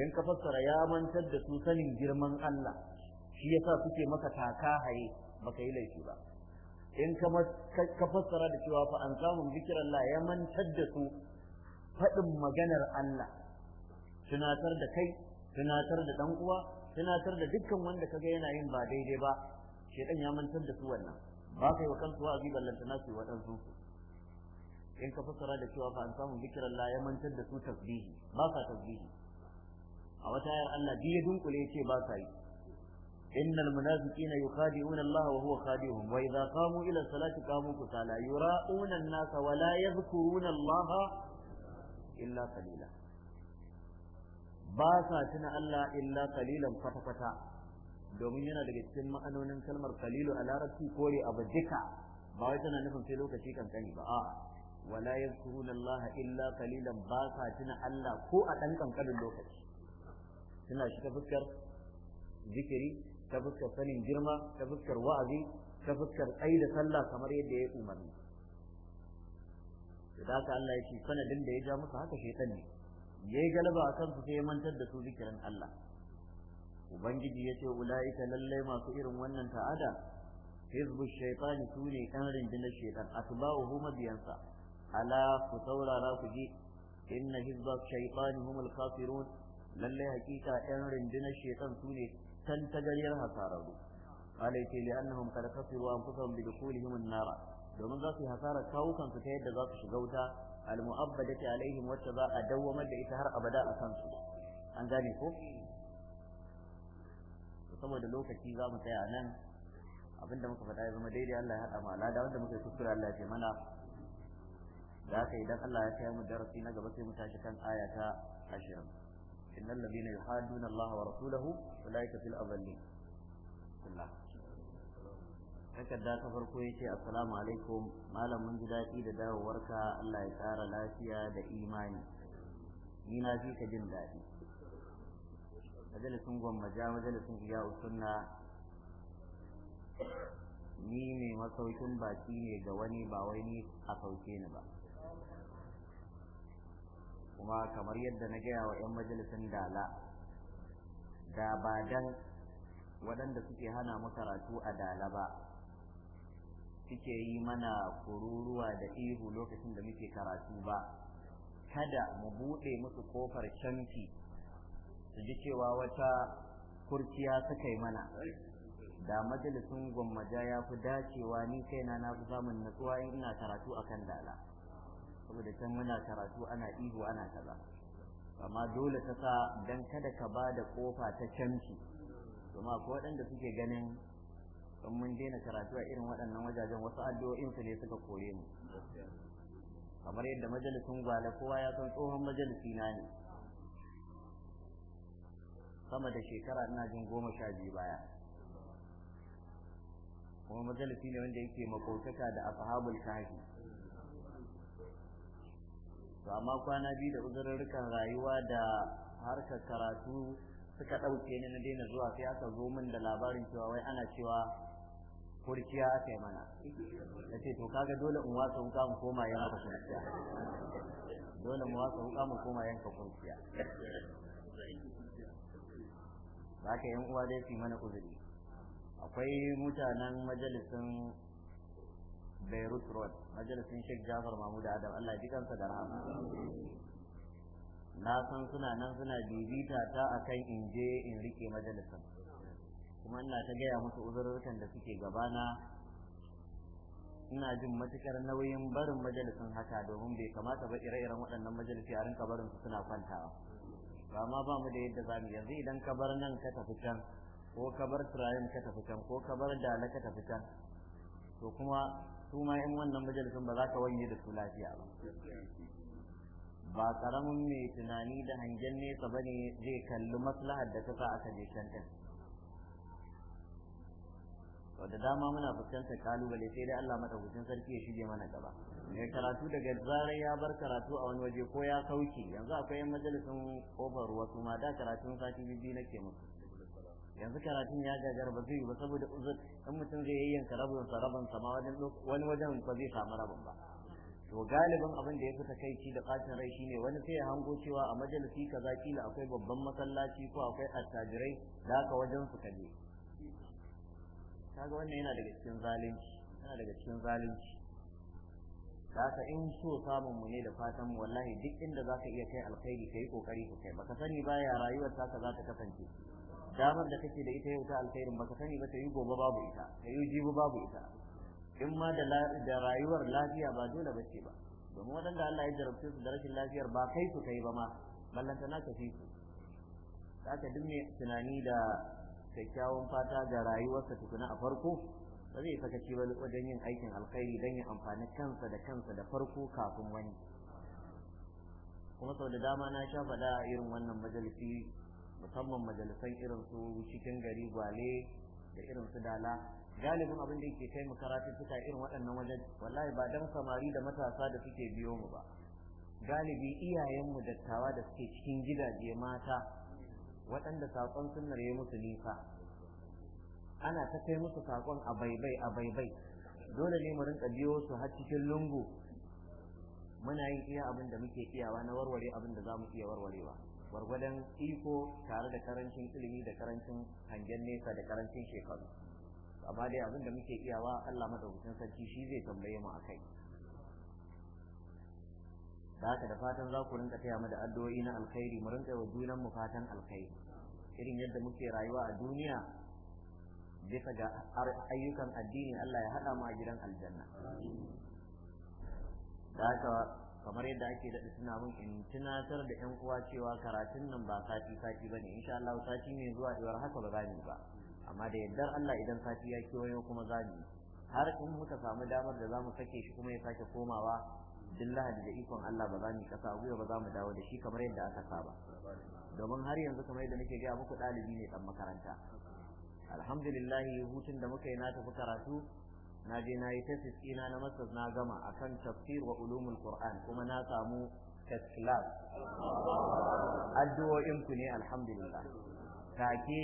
in ka fassara ya mantar da su sanin girman Allah shi yasa suke maka taka haye baka yi laifi ba in ka fassara da cewa fa an samu Allah ya mantar da su faɗin maganar Allah tunatar da kai tunatar da dan uwa tunatar da dukkan wanda kaga yana yin ba daidai ba shedan ya mantar da su wannan ba ka yi wa kansu wa'azi wa ce waɗansu in ka fassara da cewa ba an samu zikiran la ya mantar da su tasbihi ba sa tasbihi a wata ayar Allah bi ya dunkule yace ba sa yi innal munafiqina yukhadi'una Allah wa huwa khadi'uhum wa idha qamu ila salati qamu kusala yura'una an-nasa wa la yadhkuruna Allah illa qalila ba sa tuna Allah illa qalilan kwata kwata domin yana daga cikin ma'anonin kalmar kalilu a larabci kore abu duka ba wai tana nufin sai lokaci kankani ba a'a wala yadhkuruna allaha illa qalilan ba sa tuna Allah ko a dan kankanin lokaci suna shi ta fuskar zikiri ta fuskar sanin girma ta fuskar wa'azi ta fuskar tsayi da sallah kamar yadda ya umarni da haka Allah ya ce sanadin da ya ja musu haka shaitan ne yayi galaba akan su sai ya mantar da su zikirin Allah ubangiji yace ulaika lallai masu irin wannan ta'ada hizbu shaytani sune kan rindinar shaytan atba'uhu biyarsa ala ku saurara ku ji inna hizba shaytani humul khasirun lallai hakika yan rindinar shaytan sune tan tagariyar hasararru alai ce li annahum qad khasiru anfusahum bi dukhulihim an-nar domin za su hasara kawukansu ta yadda za su shiga wuta al-mu'abbadati alaihim wacce za a dawwamar da ita har abada a kansu an gane ko saboda lokaci za mu tsaya nan abinda muka faɗa ya zama daidai Allah ya haɗa mu alada wanda muka yi kuskure Allah ya ce mana da haka idan Allah ya kai mu darasi na gaba sai mu tashi kan aya ta 20 innal ladina yuhaduna Allah wa rasulahu ulaika fil adallin Allah takarda ta farko ya ce assalamu alaikum malam mun ji daɗi da dawowarka Allah ya ƙara lafiya da imani ni na ji ka jin daɗi majalisun gwammaja majalisun iya usunna ni ne masaukin baki ne ga wani ba wai ni a sauke ni ba kuma kamar yadda na gaya wa 'yan majalisun dala da ba dan waɗanda suke hana mu karatu a dala ba suke yi mana kururuwa da ihu lokacin da muke karatu ba kada mu buɗe musu kofar canci su ji cewa wata kurciya suka yi mana da majalisun gwammaja ya fi dacewa ni kaina na fi samun natsuwa in ina karatu akan dala saboda can muna karatu ana ihu ana kaza amma dole ta sa dan kada ka ba da kofa ta canci kuma ko waɗanda suke ganin in mun daina karatu a irin waɗannan wajajen wasu addu'o'in su ne suka kore mu kamar yadda majalisun gwale kowa ya san tsohon majalisi na ne sama da shekara ina jin goma sha biyu baya kuma majalisi ne wanda yake makautaka da ashabul kahfi to amma kwana biyu da uzurrukan rayuwa da harkar karatu suka ɗauke ni na daina zuwa sai aka zo min da labarin cewa wai ana cewa kurciya aka yi mana na ce to kaga dole in wasa wuka mu koma yanka kurciya dole mu wasa wuka mu koma yanka kurciya ba ka yan uwa dai su mana kuzuri. akwai mutanen majalisin Beirut Road majalisin Sheikh Jafar Mahmud Adam Allah ji kansa da rahama na san suna nan suna bibita ta akan in je in rike majalisin kuma ina ta gaya musu uzurrukan da suke gabana ina jin matukar nauyin barin majalisin haka domin bai kamata ba ire-iren waɗannan majalisi a rinka barin su suna kwantawa ba ma ba mu da yadda mu yanzu idan kabar nan ka tafi can ko kabar bar turayen ka tafi can ko kabar bar dala ka tafi can to kuma su ma in wannan majalisun ba za ka wanye da su lafiya ba ba karamin mai tunani da hangen nesa ba ne zai kalli maslahar da ta sa aka je can din da dama muna fuskantar kalubale sai dai Allah madaukakin sarki ya shige mana gaba mai karatu daga zarar ya bar karatu a wani waje ko ya sauke yanzu akwai yan majalisin kofar ruwa su ma da karatun sati na ke musu yanzu karatun ya gagar ba zai ba saboda uzur in mutum zai yi rabin sa rabin sa ma wajen wani wajen ba zai samu rabin ba to galibin abin da ya fi takaici da katin rai shine wani sai ya hango cewa a majalisi kaza kila akwai babban masallaci ko akwai attajirai da aka wajen su kaje kaga wannan yana daga cikin zalunci yana daga cikin zalunci da haka in so samun mu ne da fatan mu wallahi duk inda zaka iya kai alkhairi kai kokari ka kai baka sani ba ya rayuwar taka za ta kasance damar da kake da ita yau ta alkhairin baka sani ba ta yi gobe babu ita ta yi jibi babu ita in ma da rayuwar lafiya ba dole ba ce ba domin wadanda Allah ya jarabce su da rashin lafiyar ba kai su kai ba ma ballanta na ka fi su haka duk mai tunani da kyakkyawan fata ga rayuwarsa tukuna a farko ba zai sakaci ba wajen yin aikin alkhairi don yin amfani kansa da kansa da farko kafin wani kuma sau da dama na sha faɗa irin wannan majalisi musamman majalisan irin su cikin gari gwale da irin su dala galibin abin da yake kai mu karatu suka irin waɗannan wajen wallahi ba dan samari da matasa da suke biyo mu ba galibi iyayenmu dattawa da suke cikin gidaje mata waɗanda saƙon sunnar ya musu nisa ana ta kai musu sakon a baibai a baibai dole ne mu rinka biyo su har cikin lungu muna yin iya abin da muke iyawa na warware abin da za mu iya warwarewa gwargwadon iko tare da karancin ilimi da karancin hangen nesa da karancin shekaru amma dai abin da muke iyawa Allah madaukakin sarki shi zai tambaye mu a kai da haka da fatan za ku rinka taya mu da addu'o'i na alkhairi mu rinka wa junanmu fatan alkhairi irin yadda muke rayuwa a duniya bisa ga ayyukan addini Allah ya haɗa mu a gidan aljanna da haka kamar yadda ake daɗa suna mun in tunatar da yan uwa cewa karatun nan ba sati sati bane insha Allah sati ne zuwa iwar haka ba za ba amma da yardar Allah idan sati ya kewayo kuma za har in muka samu damar da zamu sake shi kuma ya sake komawa din lahadi da ikon Allah ba za kasa gwiwa ba za dawo da shi kamar yadda aka saba domin har yanzu kamar yadda nake gaya muku ɗalibi ne ɗan makaranta alhamdulillah hutun da muka yi na tafi karatu na je na yi tesis ina na masar na gama akan tafsir wa ulumul qur'an kuma na samu first class addu'o'in ku ne alhamdulillah take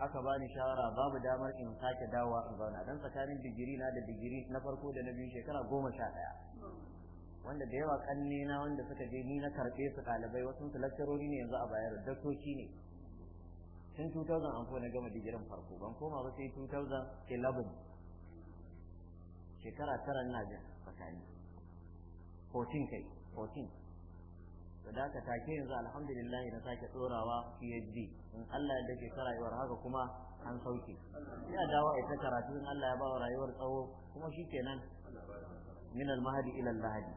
aka bani shawara babu damar in sake dawowa in zauna dan tsakanin digiri na da digiri na farko da na biyu shekara goma sha ɗaya wanda da yawa kanne na wanda suka je ni na karbe su ɗalibai wasu su lakcarori ne yanzu a bayar daktoci ne tun 2000 an kone gama digirin farko ban koma ba sai 2011 shekara tara na jin tsakani 14 kai 14 da daga take yanzu alhamdulillah na sake tsorawa PhD in Allah ya dake ka rayuwar haka kuma an sauke ina dawo ita karatu in Allah ya ba rayuwar tsawo kuma shikenan min al-mahdi ila al mahdi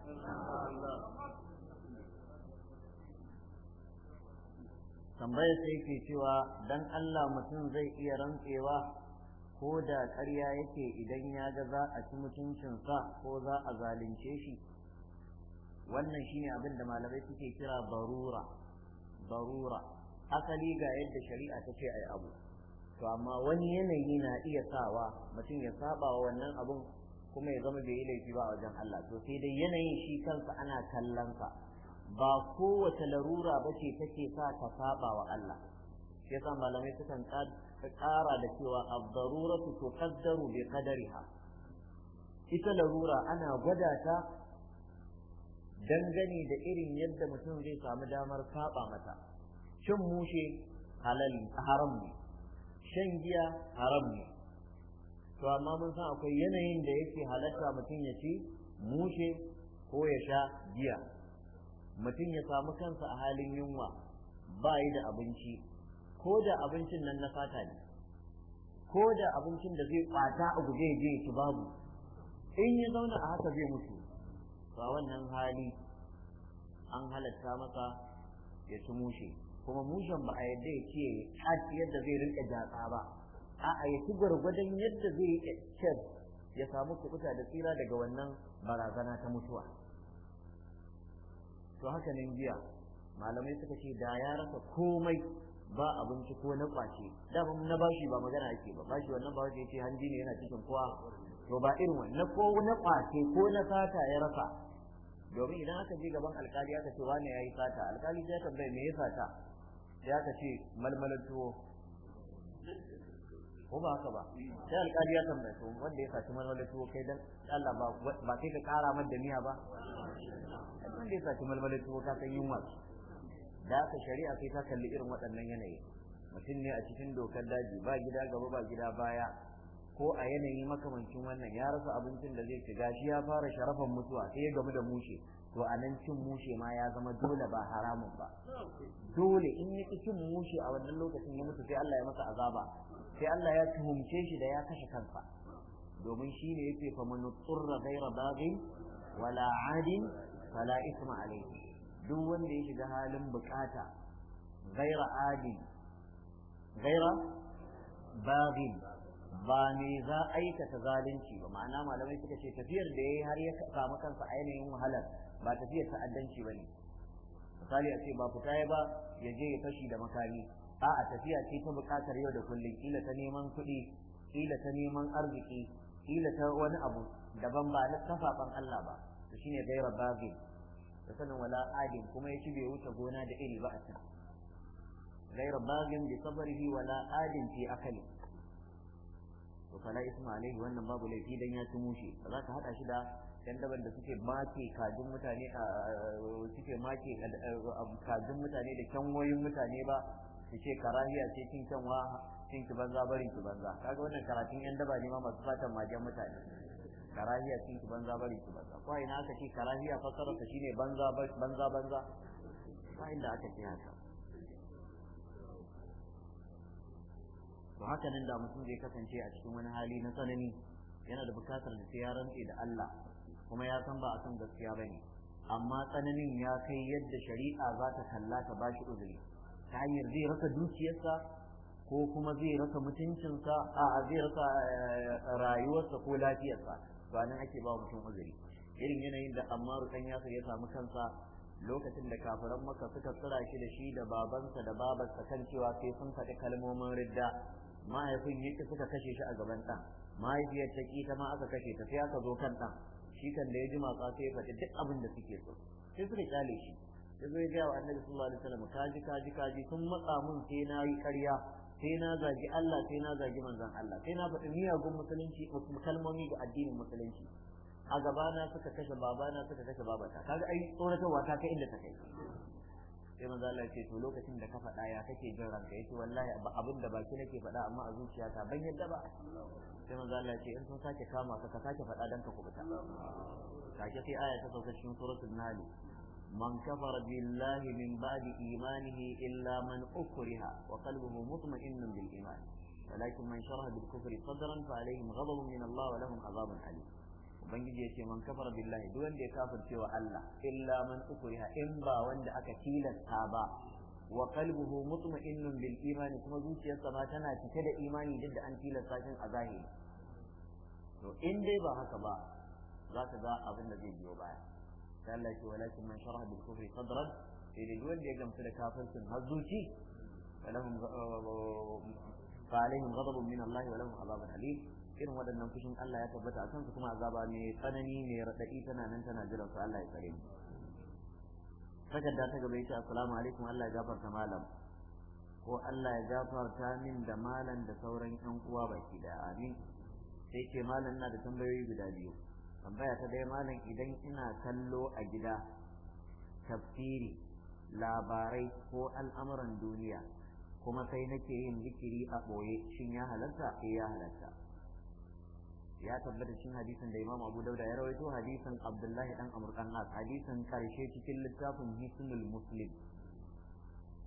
tambayar sai ke cewa dan Allah mutum zai iya rantsewa ko da ƙarya yake idan ya ga za a ci mutuncinsa ko za a zalunce shi wannan shine abin da malamai suke kira barura barura asali ga yadda shari'a ta ce ai abu to amma wani yanayi na iya sawa mutum ya saba wa wannan abun kuma ya zama bai yi laifi ba a wajen Allah to sai dai yanayin shi kansa ana kallon sa ba kowace larura ba ce take sa ta saba wa Allah shi yasa malamai sukan tsara da cewa ad-daruratu tuqaddaru bi qadariha ita larura ana gwada ta dangane da irin yadda mutum zai samu damar saba mata shin mushe halal haram ne shan giya haram ne to amma mun san akwai yanayin da yake halatta mutum ya ci mushe ko ya sha giya mutum ya samu kansa a halin yunwa ba yi da abinci ko da abincin nan na fata ne ko da abincin da zai kwata a guje je ki babu in ya zauna a haka zai mutu ba wannan hali an halatta masa ya ci mushe kuma mushen ba a yadda ya ce hat yadda zai rinka jatsa ba a a ya ci gwargwadon yadda zai yi ya samu kuɓuta da tsira daga wannan barazana ta mutuwa to haka nan giya malamai suka ce da ya rasa komai ba abinci ko na kwace daban na bashi ba magana ake ba bashi wannan ba ya ce hanji ne yana cikin kowa to ba irin wannan ko na kwace ko na sata ya rasa domin idan aka je gaban alkali aka ce wani yi sata alkali ya tambaye me ya sata ya ka ce malmalan tuwo ko ba haka ba sai alƙali ya tambaye to wanda ya saci malmala tuwo kai dan Allah ba ba kai ka ƙara mar da miya ba wanda ya saci malmala tuwo ka san yunwa da ka shari'a sai ta kalli irin waɗannan yanayi mutum ne a cikin dokar daji ba gida gaba ba gida baya ko a yanayi makamancin wannan ya rasa abincin da zai ci gashi ya fara sharafan mutuwa sai ya gamu da mushe to a nan cin mushe ma ya zama dole ba haramun ba dole in yi cin mushe a wannan lokacin ya mutu sai Allah ya masa azaba sai Allah ya tuhumce shi da ya kashe kansa domin shi ne yake fa man tsurra ghaira baghin wala adin fala isma alayhi duk wanda ya shiga halin bukata ghaira adin ghaira baghin ba ne za aikata zalunci ba ma'ana malamai suka ce tafiyar da yayi har ya samu kansa a yanayin wahalar ba tafiyar ta'addanci bane misali a ce ba fita ya ba ya je ya fashi da makami a'a tafiya ce ta buƙatar yau da kullum kila ta neman kuɗi kila ta neman arziki kila ta wani abu daban ba na kafafan Allah ba to shine gaira babi da sanin wala adin kuma ya ci bai wuce gona da iri ba a can gaira da bi sabrihi wala adin fi akali to fala isma alaihi wannan babu laifi dan ya ci mushi za ka hada shi da yan daban da suke make kajin mutane suke make kajin mutane da kyanwoyin mutane ba su ce karahiya ce cin kyanwa cin ki banza barin ki banza kaga wannan karatun yan daba ne ma masu fatan majan mutane karahiya cin ki banza barin ki banza ko ina aka ce karahiya fassara ta shine banza banza banza ba inda aka ce haka to haka nan da mutum zai kasance a cikin wani hali na tsanani yana da bukatar da ya rantse da Allah kuma ya san ba a san gaskiya bane amma tsananin ya kai yadda shari'a za ta kalla ta bashi uzuri ta hanyar zai rasa dukiyarsa ko kuma zai rasa mutuncinsa a zai rasa eh, rayuwarsa ko lafiyarsa ba nan ake ba mutum uzuri irin yanayin da ammaru rukan yasa ya samu kansa lokacin da kafiran maka suka tsira shi da shi da babansa da babarsa kan cewa sai sun faɗi kalmomin ridda mahaifin yake suka kashe shi a gaban ɗan mahaifiyar ta ƙi ta ma aka kashe ta sai aka zo kan ɗan shi kan da ya ji matsa sai ya faɗi duk abin da suke so sai suka kyale shi ya zo ya gaya wa annabi sallallahu alaihi wasallam kaji kaji kaji sun matsa mun sai na yi ƙarya sai na zagi Allah sai na zagi manzon Allah sai na faɗi miyagun musulunci kalmomi ga addinin musulunci a gabana suka kashe babana suka kashe babata kaga ai tsoratarwa ta kai inda ta kai sai manzo Allah ce to lokacin da ka faɗa ya kake jin ranka yace wallahi abin da baki nake faɗa amma a zuciyata ban yadda ba sai manzo Allah ce in sun sake kama ka sake faɗa dan ka kubuta kake sai aya ta sauka cikin suratul nahl من كفر بالله من بعد إيمانه إلا من أكره وقلبه مطمئن بالإيمان ولكن من شرح بالكفر صدرا فعليهم غضب من الله ولهم عذاب أليم ubangiji ya ce man kafara billahi duk wanda ya kafirce wa Allah illa man ukriha in ba wanda aka tilasta ba wa qalbuhu mutma'innun bil imani kuma zuciyarsa ma tana cike da imani duk da an tilasta shi a zahiri to in dai ba haka ba za ka ga abin da zai biyo baya da Allah ce walakin man sharaha bil kufri sadran sai wanda ya gamsu da kafircin hazuci walahum fa ghadabun min Allah wa lahum azabun alim irin waɗannan fushin Allah ya tabbata a kansu kuma azaba ne tsanani ne raɗaɗi tana nan tana jiran su Allah ya tsare mu takarda ta gaba yace assalamu alaikum Allah ya gafarta malam ko Allah ya gafarta min da malam da sauran yan uwa baki da amin sai ke malam na da tambayoyi guda biyu tambaya ta dai malam idan ina kallo a gida tafsiri labarai ko al'amuran duniya kuma sai nake yin zikiri a ɓoye shin ya halatta ko eh, ya halatta ya tabbata cikin hadisin da Imam Abu dauda ya rawaito hadisin Abdullahi dan Amr dan As hadisin karshe cikin littafin Hisnul Muslim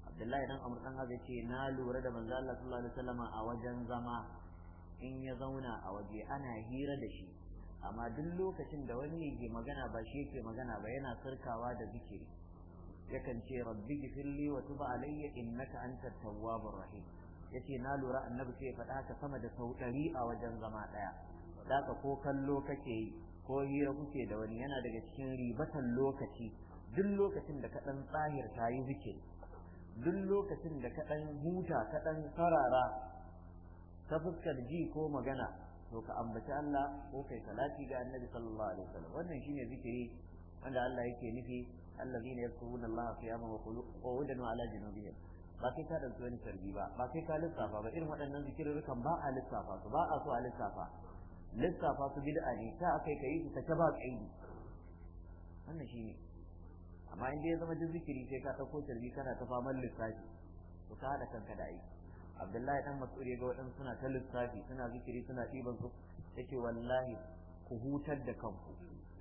Abdullahi dan Amr dan As ce na lura da manzo Allah sallallahu alaihi wasallam a wajen zama in ya zauna a waje ana hira da shi amma duk lokacin da wani yake magana ba shi yake magana ba yana sarkawa da zikiri yakan ce rabbi gifirli wa tuba alayya innaka antat tawwabur rahim yace na lura annabi sai faɗa ka sama da sau ɗari a wajen zama ɗaya ka ko kallo kake yi ko hira kuke da wani yana daga cikin ribatan lokaci duk lokacin da kaɗan ɗan tsahir ta yi zikiri duk lokacin da kaɗan huta kaɗan ɗan sarara ta fuskar ji ko magana to ka ambaci Allah ko kai salati ga annabi sallallahu alaihi wasallam wannan shine zikiri wanda Allah yake nufi allazina yadhkuruna Allah qiyaman wa qu'udan wa ala junubihim ba kai ka dauki wani tarbi ba ba kai ka lissafa ba irin waɗannan zikirrukan ba a lissafa su ba a so a lissafa lissafa su bid'a ne ta akai kai su ta ba kai wannan shine amma in dai ya zama duk zikiri sai ka ko tarbi kana ta faman lissafi to ka hada kanka da aiki abdullahi dan mas'ud ya ga waɗansu suna ta lissafi suna zikiri suna diban su yace wallahi ku hutar da kanku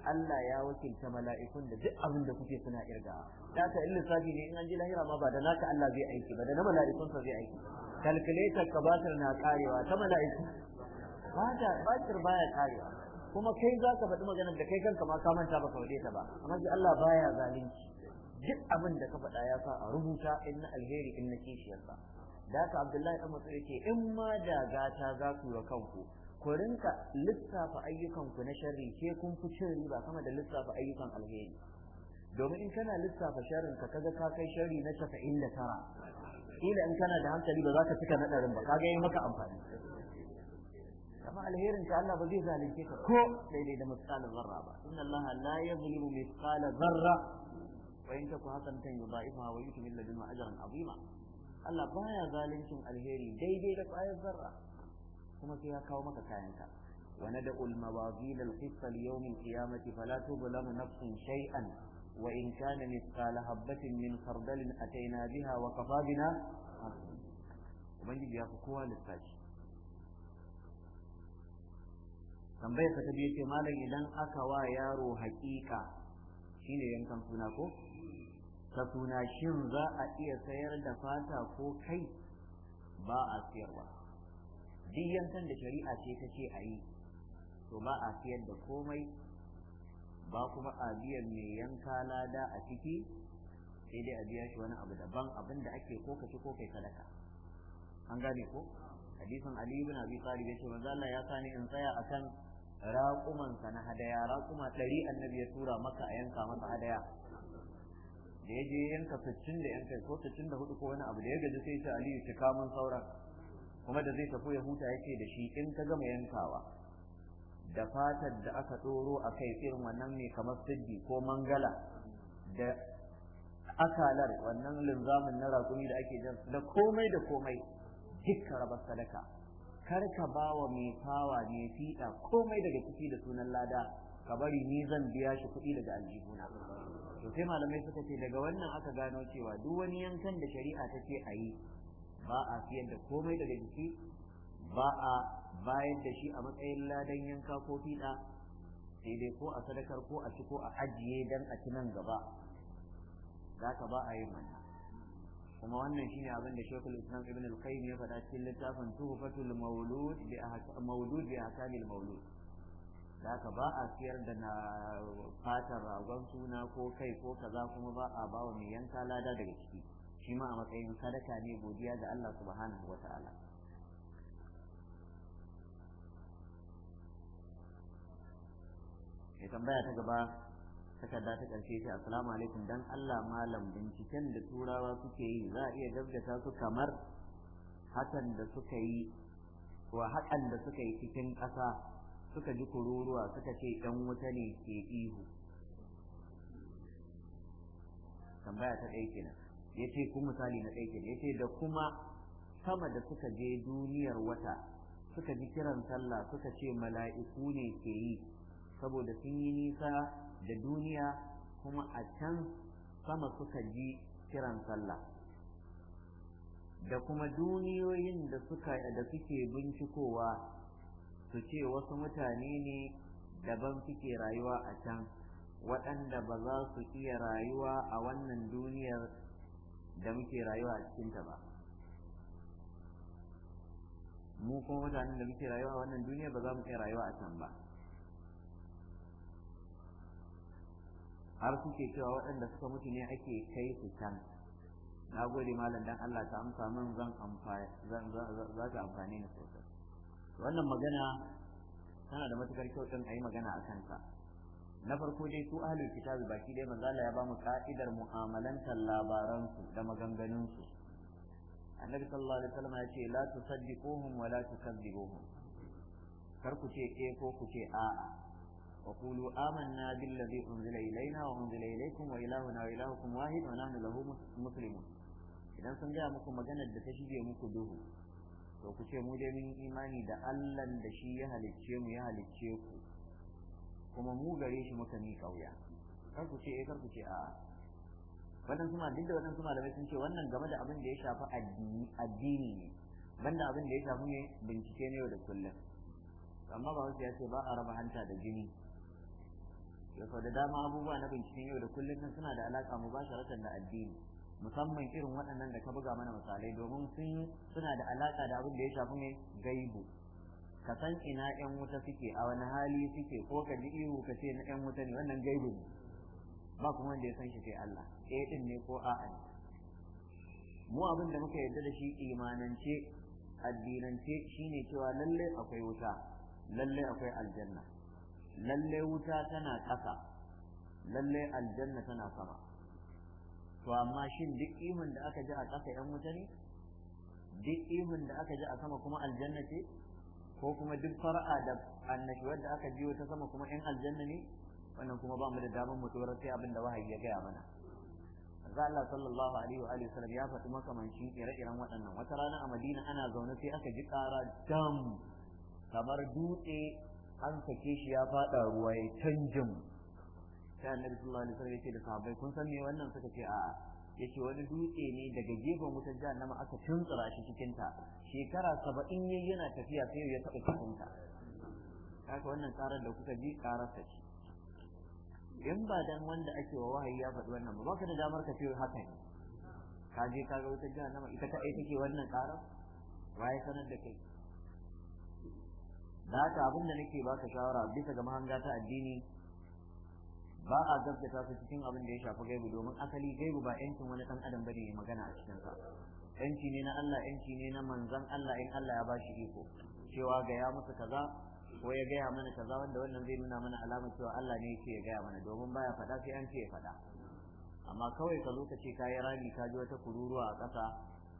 Allah ya wakilta mala'ikun da duk abin da kuke suna irga daka in lissafi ne in an ji lahira ma ba da naka Allah zai aiki ba da na mala'ikun sa zai aiki calculator kabatar na karewa ta mala'iku ba ta batir baya karewa kuma kai za ka faɗi maganar da kai kanka ma ka manta ba ka faɗe ta ba amma ji Allah baya zalunci duk abin da ka faɗa ya sa a rubuta inna alheri in na kishiyar ba da haka abdullahi dan masu yake in ma da gata za ku kanku ku rinka lissafa ayyukanku na sharri ke kun fi cin riba sama da lissafa ayyukan alheri domin in kana lissafa sharrin ka kaga ka kai sharri na casa'in da tara ila in kana da hankali ba za ka cika naɗarin ba kaga yi maka amfani Kama alherin ka Allah ba zai zalunce ka ko daidai da misqala zarra ba inna Allah la yuzlimu misqala zarra wa in taku hasanatan yudha'ifaha wa yuti min ladunhu ajran azima Allah baya zaluncin alheri daidai da ƙwayar zarra kuma sai ya kawo maka kayanka wa nad'u al-mawazin al-qist li-yawm al-qiyamati fala tuzlamu nafsun shay'an wa in kana mithqala habatin min khardalin ataina biha wa kafa ubangiji ya fi kowa lissafi tambayar ka ta biyu ce malam idan aka wa yaro haƙiƙa shine yankan suna ko ta suna shin za a iya sayar da fata ko kai ba a sayarwa duk yankan da shari'a ce ta ce a yi to ba a sayar da komai ba kuma a biyan mai yanka lada a ciki sai dai a biya shi wani abu daban abin da ake ko kaci ko kai sadaka an gane ko hadisin ali ibn abi talib yace manzo Allah ya sani in tsaya akan raƙumansa na hadaya raƙuma ɗari annabi ya tura maka a yanka masa hadaya da ya je yanka sittin da yanka ko sittin da hudu ko wani abu da ya gaji sai ta aliyu cika mun saura kuma da zai tafi ya huta yake da shi in ka gama yankawa da fatar da aka tsoro a kai irin wannan mai kamar siddi ko mangala da akalar wannan linzamin na rakumi da ake jan da komai da komai dukkan rabar sadaka kar ka ba wa mai fawa ne fiɗa komai daga ciki da sunan lada ka bari ni zan biya shi kuɗi daga aljihuna to sai malamai suka ce daga wannan aka gano cewa duk wani yankan da shari'a ta ce a yi ba a siyar da komai daga jiki ba a bayar da shi a matsayin ladan yanka ko fiɗa sai dai ko a sadakar ko a ci ko a ajiye dan a ci nan gaba za ka ba a yin wannan kuma wannan shine abin da shekul Islam Ibn al-Qayyim ya faɗa cikin littafin Tuhfatul Mawlud bi Ahkamil Mawlud da haka ba a siyar da na fatar ragon suna ko kai ko kaza kuma ba a bawa mai yanka lada daga ciki shi ma a matsayin sadaka ne godiya ga Allah subhanahu wa ta'ala ya tambaya ta gaba takarda ta karshe shi assalamu alaikum dan Allah malam binciken da turawa suke yi za a iya gaggata su kamar hakan da suka yi wa hakan da suka yi cikin ƙasa suka ji kururuwa suka ce ɗan wuta ne ke ihu tambaya ta ɗaya kenan ya ce ku misali na ɗaya kenan ya ce da kuma sama da suka je duniyar wata suka ji kiran sallah suka ce mala'iku ne ke yi saboda sun yi nisa da duniya kuma a can sama suka ji kiran sallah da kuma duniyoyin da da suke bincikowa su ce wasu mutane ne daban suke rayuwa a can waɗanda ba za su iya rayuwa a wannan duniyar da muke rayuwa a cikinta ba mu kuma mutanen da muke rayuwa a wannan duniyar ba za mu iya rayuwa a can ba har suke cewa waɗanda suka mutu ne ake kai su can na gode malam dan Allah ta amsa min zan amfani za ta amfani ne sosai wannan magana tana da matukar kyau din ayi magana a kanta na farko dai su ahlul kitabi baki dai manzala ya ba mu ka'idar mu'amalantar labaransu da maganganunsu annabi sallallahu alaihi wasallam ya ce la tusaddiquhum wa la tukadzibuhum kar ku ce eh ko ku ce a'a wa qulu amanna billazi unzila ilaina wa unzila ilaykum wa ilahuna wa ilahukum wahid wa nahnu lahu muslimun idan sun gaya muku maganar da ta shige muku duhu to ku ce mu dai mun imani da Allah da shi ya halicce mu ya halicce ku kuma mu gare shi muka mi kauya kar ku ce eh kar ku ce a'a wannan kuma duk da wannan kuma da sun ce wannan game da abin da ya shafi addini addini ne banda abin da ya shafi ne bincike ne da kullum amma ba wasu ya ce ba a raba hanta da jini yau da dama abubuwa na binciken yau da kullum suna da alaka mu ba da addini musamman irin waɗannan da ka buga mana misalai domin sun suna da alaƙa da abin da ya shafi ne gaibu ka san ina ƴan wuta suke a wani hali suke ko ka ji ihu ka ce na ƴan wuta ne wannan gaibu ne ba kuma wanda ya san shi sai Allah eh din ne ko a'a ne mu abin da muka yarda da shi imanance addinance shine cewa lalle akwai wuta lalle akwai aljanna lalle wuta tana ƙasa lalle aljanna tana sama to amma shin duk ihun da aka ji a ƙasa yan wuta ne duk ihun da aka ji a sama kuma aljanna ce ko kuma duk fara'a da annashuwar da aka jiyo ta sama kuma yan aljanna ne wannan kuma ba mu da damar mu sai abin da wahayi ya gaya mana manzo Allah sallallahu alaihi wa alihi wasallam ya faɗi makamanci ire-iren waɗannan wata rana a Madina ana zaune sai aka ji ƙara dam kamar dutse an sake shi ya faɗa ruwa ya canjin sai annabi sallallahu alaihi wasallam yake da sahabbai kun san me wannan suka ce a'a yake wani dutse ne daga gefen wutar jahannama aka tuntsura shi cikin ta shekara 70 yayi yana tafiya sai ya taba cikin ta kaga wannan karar da kuka ji karar ta ce in ba dan wanda ake wa wahayi ya faɗi wannan ba ba ka da damar ka ce haka ne ka je ka ga wutar jahannama ita kadai take wannan karar waye sanar da kai da haka abin da nake baka shawara bisa ga mahanga ta addini ba a gaskata su cikin abin da ya shafi gaibu domin asali gaibu ba yancin wani dan adam bane magana a cikin sa yanci ne na Allah yanci ne na manzan Allah in Allah ya ba shi iko cewa ga ya musu kaza ko ya gaya mana kaza wanda wannan zai nuna mana alamar cewa Allah ne yake ya gaya mana domin baya faɗa sai an ce ya faɗa amma kawai ka zo ka ce ka yi rami ka ji wata kururuwa a ƙasa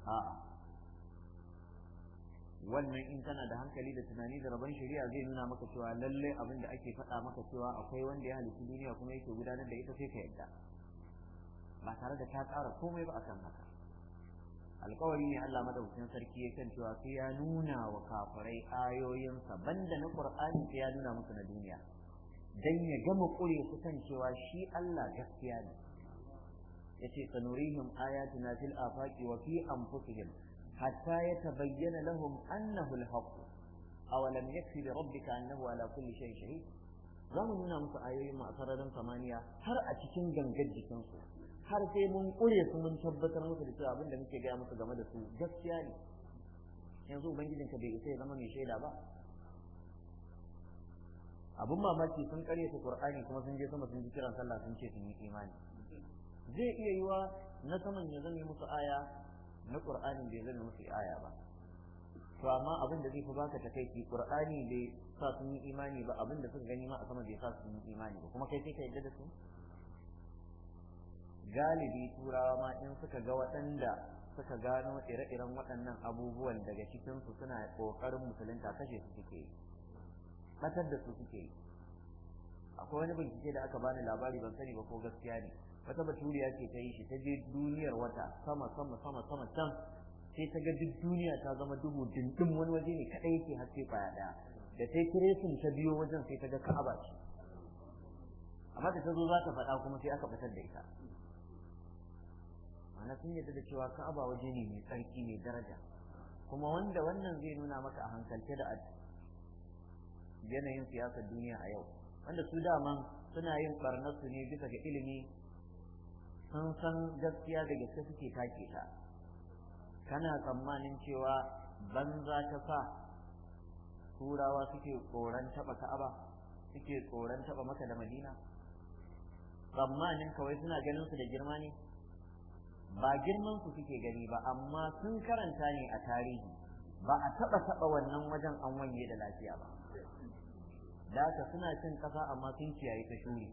a'a wannan in kana da hankali da tunani da rabon shari'a zai nuna maka cewa lallai abin da ake faɗa maka cewa akwai wanda ya halitta duniya kuma yake gudanar da ita sai ka yadda ba tare da ta tsara komai ba akan haka alkawari ne Allah madaukakin sarki ya kan cewa sai ya nuna wa kafirai ayoyinsa banda na Qur'ani sai ya nuna musu na duniya dan ya gama kure su kan cewa shi Allah gaskiya ne yace sanurihim ayatina fil afaqi wa fi anfusihim hatta ya لهم lahum الحق أو لم يكفي yakfi أنه على كل ala شهيد shay'in nuna musu ayoyin mu a samaniya har a cikin gangar jikinsu har sai mun kure su mun tabbatar musu da cewa abin da muke gaya musu game da su gaskiya ne yanzu ka bai isa ya zama mai shaida ba abun mamaki sun su qur'ani kuma sun je sama sun ji kiran sallah sun ce sun yi imani zai iya yiwa na saman ya zame musu aya na ƙur'ani bai zama musu aya ba to amma abin da zai fi baka kai ƙur'ani bai sa sun yi imani ba abin da suka gani ma a sama bai sa sun yi imani ba kuma kai sai ka yadda da su galibi turawa ma in suka ga waɗanda suka gano ire-iren waɗannan abubuwan daga su suna ƙoƙarin musulunta kashe su suke yi ɓatar da su suke yi akwai wani bincike da aka bani labari ban sani ba ko gaskiya ne wata baturiya ce ta yi shi ta je duniyar wata sama sama sama sama can sai ta ga duk duniya ta zama duhu dindin wani waje ne kadai yake haske kwaya daya da sai sun ta biyo wajen sai ta ga ka'aba ce amma da ta zo za ta faɗa kuma sai aka fitar da ita ma'ana sun yadda da cewa ka'aba waje ne mai tsarki mai daraja kuma wanda wannan zai nuna maka a hankalce da yanayin siyasar duniya a yau wanda su daman suna yin barnarsu ne bisa ga ilimi sun san gaskiya da gaske suke take ta kana tsammanin cewa banza ta sa turawa suke tsoron taba ka'aba suke tsoron taba maka da madina tsammanin kawai suna ganin su da girma ne ba girman su suke gani ba amma sun karanta ne a tarihi ba a taba taba wannan wajen an wanye da lafiya ba da suna cin kasa amma sun kiyaye ta shuri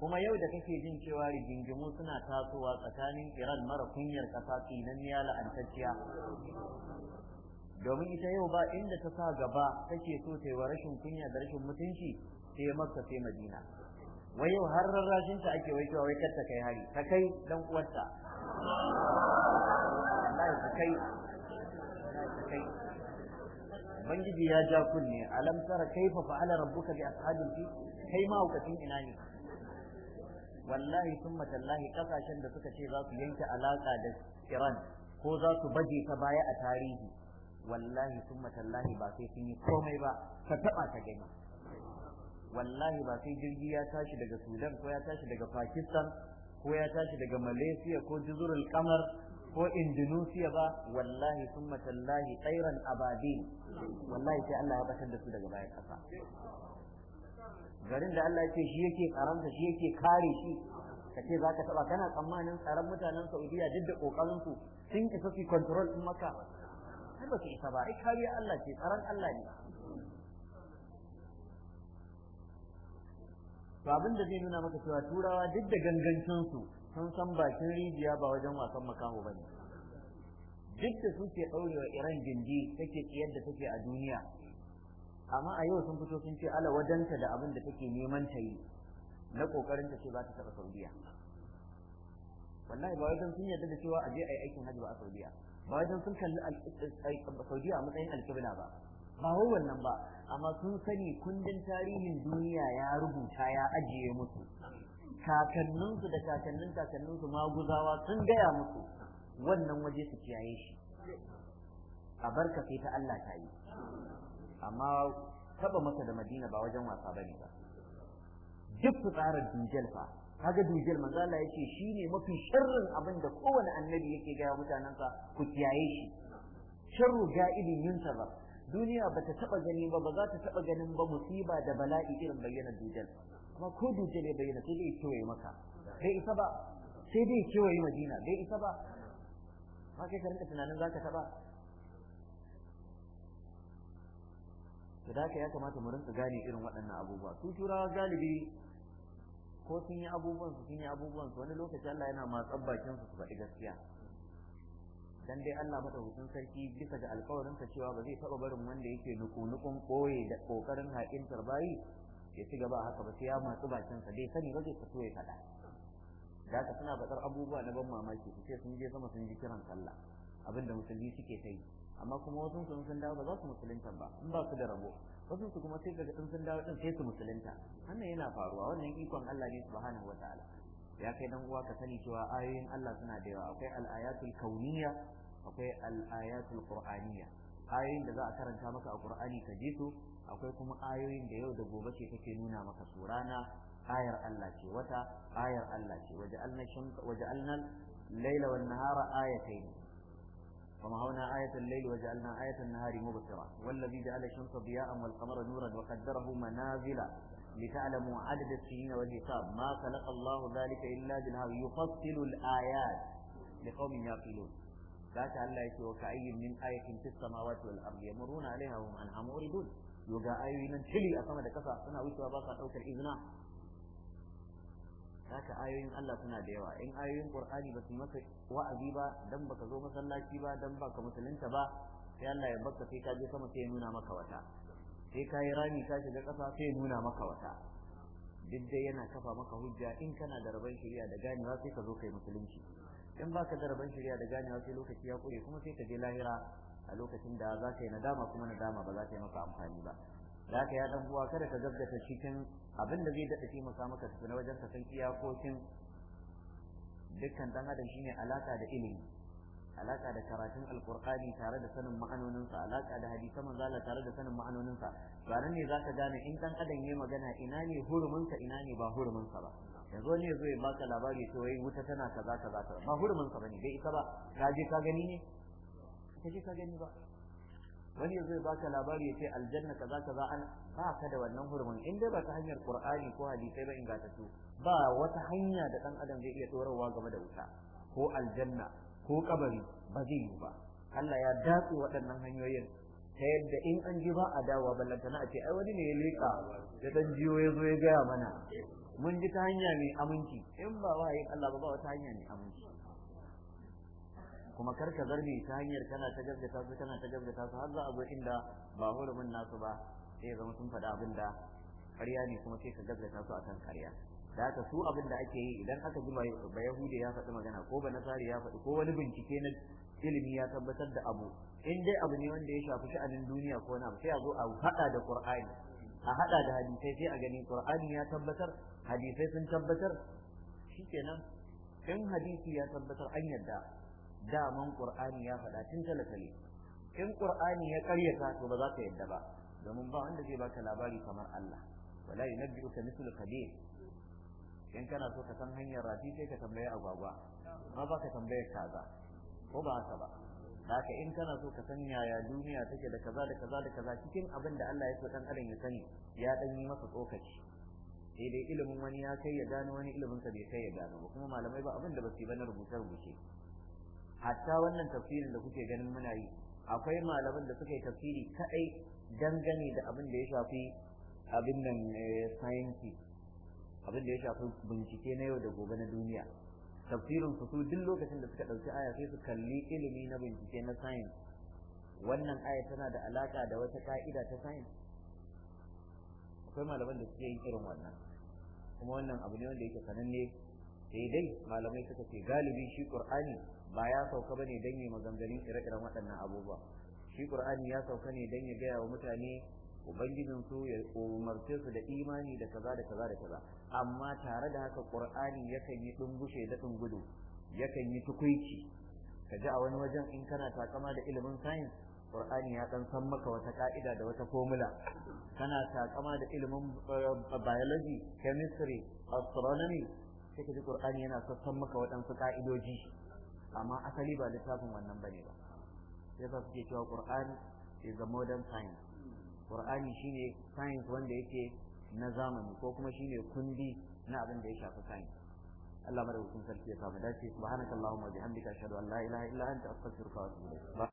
kuma yau da kake jin cewa rigingimu suna tasowa tsakanin iran mara kunyar kasa tsinanniya la'antacciya domin ita yau ba inda ta sa gaba take so ta yi wa rashin kunya da rashin mutunci sai makka sai madina wai yau har rarrashin ta ake wai cewa wai kar ta kai hari ta kai dan uwarta kai ubangiji ya ja kunne alam tara kaifa fa'ala rabbuka bi ashabil kai ma ina ne wallahi sun matallahi kasashen da suka ce za su yanke alaƙa da iran ko za su baje ta baya a tarihi wallahi sun matallahi ba sai sun yi komai ba ka taɓa ka gani wallahi ba sai jirgi ya tashi daga sudan ko ya tashi daga pakistan ko ya tashi daga malaysia ko jizurul kamar ko indonesia ba wallahi sun matallahi tsairan abadi wallahi sai allah ya batar da su daga bayan kasa garin da Allah ce shi yake tsaronsa shi yake kare shi ka ce za ka taɓa kana tsammanin tsaron mutanen saudiya duk da ƙoƙarinsu sun isa su control ɗin maka har ba su isa ba ai kariya Allah ce tsaron Allah ne to abin da zai nuna maka cewa turawa duk da gangancinsu sun san bakin rijiya ba wajen wasan makaho ba ne duk da suke ɗaurewa iran gindi take tsiyar da take a duniya amma a yau sun fito sun ce ala wadanta da abin da take neman ta yi na kokarin ta ce ba ta taba saudiya wallahi ba wajen sun yarda da cewa a je a yi aikin hajji ba a saudiya ba wajen sun kalli saudiya a matsayin alkibla ba ba wai wannan ba amma sun sani kundin tarihin duniya ya rubuta ya ajiye musu kakanninsu da kakannin kakanninsu maguzawa sun gaya musu wannan waje su kiyaye shi a barka sai ta Allah ta yi amma taba masa da madina ba wajen wasa ba ne ba duk tsara dujal fa kaga dujal manzo Allah yake shine mafi sharrin abin da kowane annabi yake ga mutanansa ku kiyaye shi sharru ga'ibin yuntaba duniya ba ta taba gani ba ba za ta taba ganin ba musiba da bala'i irin bayyana dujal amma ko dujal ya bayyana sai dai kewaye maka bai isa ba sai dai kewaye madina bai isa ba ba kai ka tunanin za ka taba da da ya kamata mu rinka gane irin waɗannan abubuwa su turawa galibi ko sun yi abubuwan su sun yi abubuwan su wani lokaci Allah yana matsan bakin su su faɗi gaskiya dan dai Allah hukun sarki bisa ga alƙawarin sa cewa ba zai taɓa barin wanda yake nuku nukun koye da kokarin haƙin bayi ya ci gaba haka ba sai ya matsu bakin sa dai sani ba zai fito ya faɗa da haka suna faɗar abubuwa na ban mamaki su ce sun je sama sun ji kiran sallah abinda musulmi suke ta yi amma kuma wasu sun sun dawo ba za su musulunta ba in ba su da rabo wasu su kuma sai daga sun dawo din sai su musulunta hannan yana faruwa wannan ikon Allah ne subhanahu wataala ya kai dan uwa ka sani cewa ayoyin Allah suna da yawa akwai al-ayatul kauniyya akwai al-ayatul qur'aniyya ayoyin da za a karanta maka a qur'ani ka ji su akwai kuma ayoyin da yau da gobe ce take nuna maka su rana ayar Allah ce wata ayar Allah ce waja'alna shamsa waja'alna laila wan nahara ayatayn ومعونا آية الليل وجعلنا آية النهار مبصرة والذي جعل الشمس ضياء والقمر نورا وقدره منازل لتعلموا عدد السنين والحساب ما خلق الله ذلك إلا بالهوى يفصل الآيات لقوم يعقلون ذات الله يكي وكأي من آية في السماوات والأرض يمرون عليها وهم عنها موردون يوجا آية من تلي أصمد كفا سنة ويتوا باقا أوكا الإذناء haka ayoyin Allah suna da yawa in ayoyin Qur'ani ba su maka wa'azi ba dan baka zo masallaci ba dan baka musulunta ba sai Allah ya baka sai ka je sama sai ya nuna maka wata sai ka yi rami ka shiga ƙasa sai ya nuna maka wata duk dai yana kafa maka hujja in kana da rabon shari'a da ganewa sai ka zo kai musulunci in baka da rabon shari'a da ganewa sai lokaci ya kure kuma sai ka je lahira a lokacin da za ka yi nadama kuma nadama ba za ta yi maka amfani ba da haka ya dan uwa kada ka gaggata cikin abin da zai daɗa taimaka maka tafi na wajen kasan iyakokin dukkan dan adam shine alaka da ilimi alaka da karatun alqur'ani tare da sanin sa alaka da hadisan manzala tare da sanin ma'anoninsa tare ne zaka gane in dan adam yayi magana ina ne huruminsa ina ne ba huruminsa ba yanzu ne zai baka labari to yayi wuta tana kaza kaza ba huruminsa bane bai isa ba kaje je ka gani ne kaje ka gani ba wani yanzu ba baka labari ya ce aljanna kaza kaza an ba ka da wannan hurumin in dai ba ta hanyar qur'ani ko hadisai ba ingantattu ba wata hanya da dan adam zai iya tsorawa game da wuta ko aljanna ko kabari ba zai yi ba Allah ya datse waɗannan hanyoyin ta yadda in an ji ba a dawa ballantana a ce ai wani ne ya leƙa da dan jiyo ya zo ya gaya mana mun ji ta hanya mai aminci in ba wa yin Allah ba ba wata hanya mai aminci kuma karka ka ta hanyar kana ta gaskata su kana ta gaskata su har za a zo inda ba hurumin nasu ba sai zama sun faɗa abin da ƙarya ne kuma sai ka gaskata su akan ƙarya da haka su abin da ake yi idan aka ji ba yahude ya faɗi magana ko ba nasari ya faɗi ko wani bincike na ilimi ya tabbatar da abu in dai abu ne wanda ya shafi sha'anin duniya ko na sai a zo a haɗa da ƙur'ani a haɗa da hadisai sai a gani ƙur'ani ya tabbatar hadisai sun tabbatar shikenan in hadisi ya tabbatar an yadda daman qur'ani ya faɗa tun talakali in qur'ani ya karyata to ba za ka yadda ba domin ba wanda zai baka labari kamar Allah wala ka mithlu khabir in kana so ka san hanyar rafi sai ka tambaye agwagwa ba ba ka tambaye kaza ko ba haka ba haka in kana so ka san yaya duniya take da kaza da kaza da kaza cikin abin da Allah ya so dan adam ya sani ya dan yi masa tsokaci sai dai ilimin wani ya kai ya gano wani ilimin sa bai kai ya gano ba kuma malamai ba abin da ba su yi ba na rubuce rubuce hatta wannan tafsirin da kuke ganin muna yi akwai malaman da suka yi tafsiri kadai dangane da abin da ya shafi abin nan eh, sayansi abin da ya shafi bincike na yau da gobe na duniya tafsirin su duk lokacin da suka ɗauki aya sai su kalli ilimi na bincike na science wannan aya tana da alaka da wata ka'ida ta science akwai malaman da suke yin irin wannan kuma wannan abu ne wanda yake sananne sai dai malamai suka ce galibi shi qur'ani ba ya sauka bane dan yi maganganun ire-iren waɗannan abubuwa shi qur'ani ya sauka ne dan ya gaya wa mutane ubangijin su ya umarce su da imani da kaza da kaza da kaza amma tare da haka qur'ani yakan yi dungushe da dungudu yakan yi tukuici ka a wani wajen in kana takama da ilimin science qur'ani ya dan san maka wata ka'ida da wata formula kana takama da ilimin eh, biology chemistry astronomy sai ka ji qur'ani yana sassan maka waɗansu ka'idoji amma asali ba littafin wannan ba ne ba sai sa suke cewa qur'ani is the modern science qur'ani shine science wanda yake na zamani ko kuma shine kundi na abin da ya shafi science Allah madaukakin sarki ya samu dace subhanakallahumma wa bihamdika ashhadu an la ilaha illa anta astaghfiruka wa atubu ilayk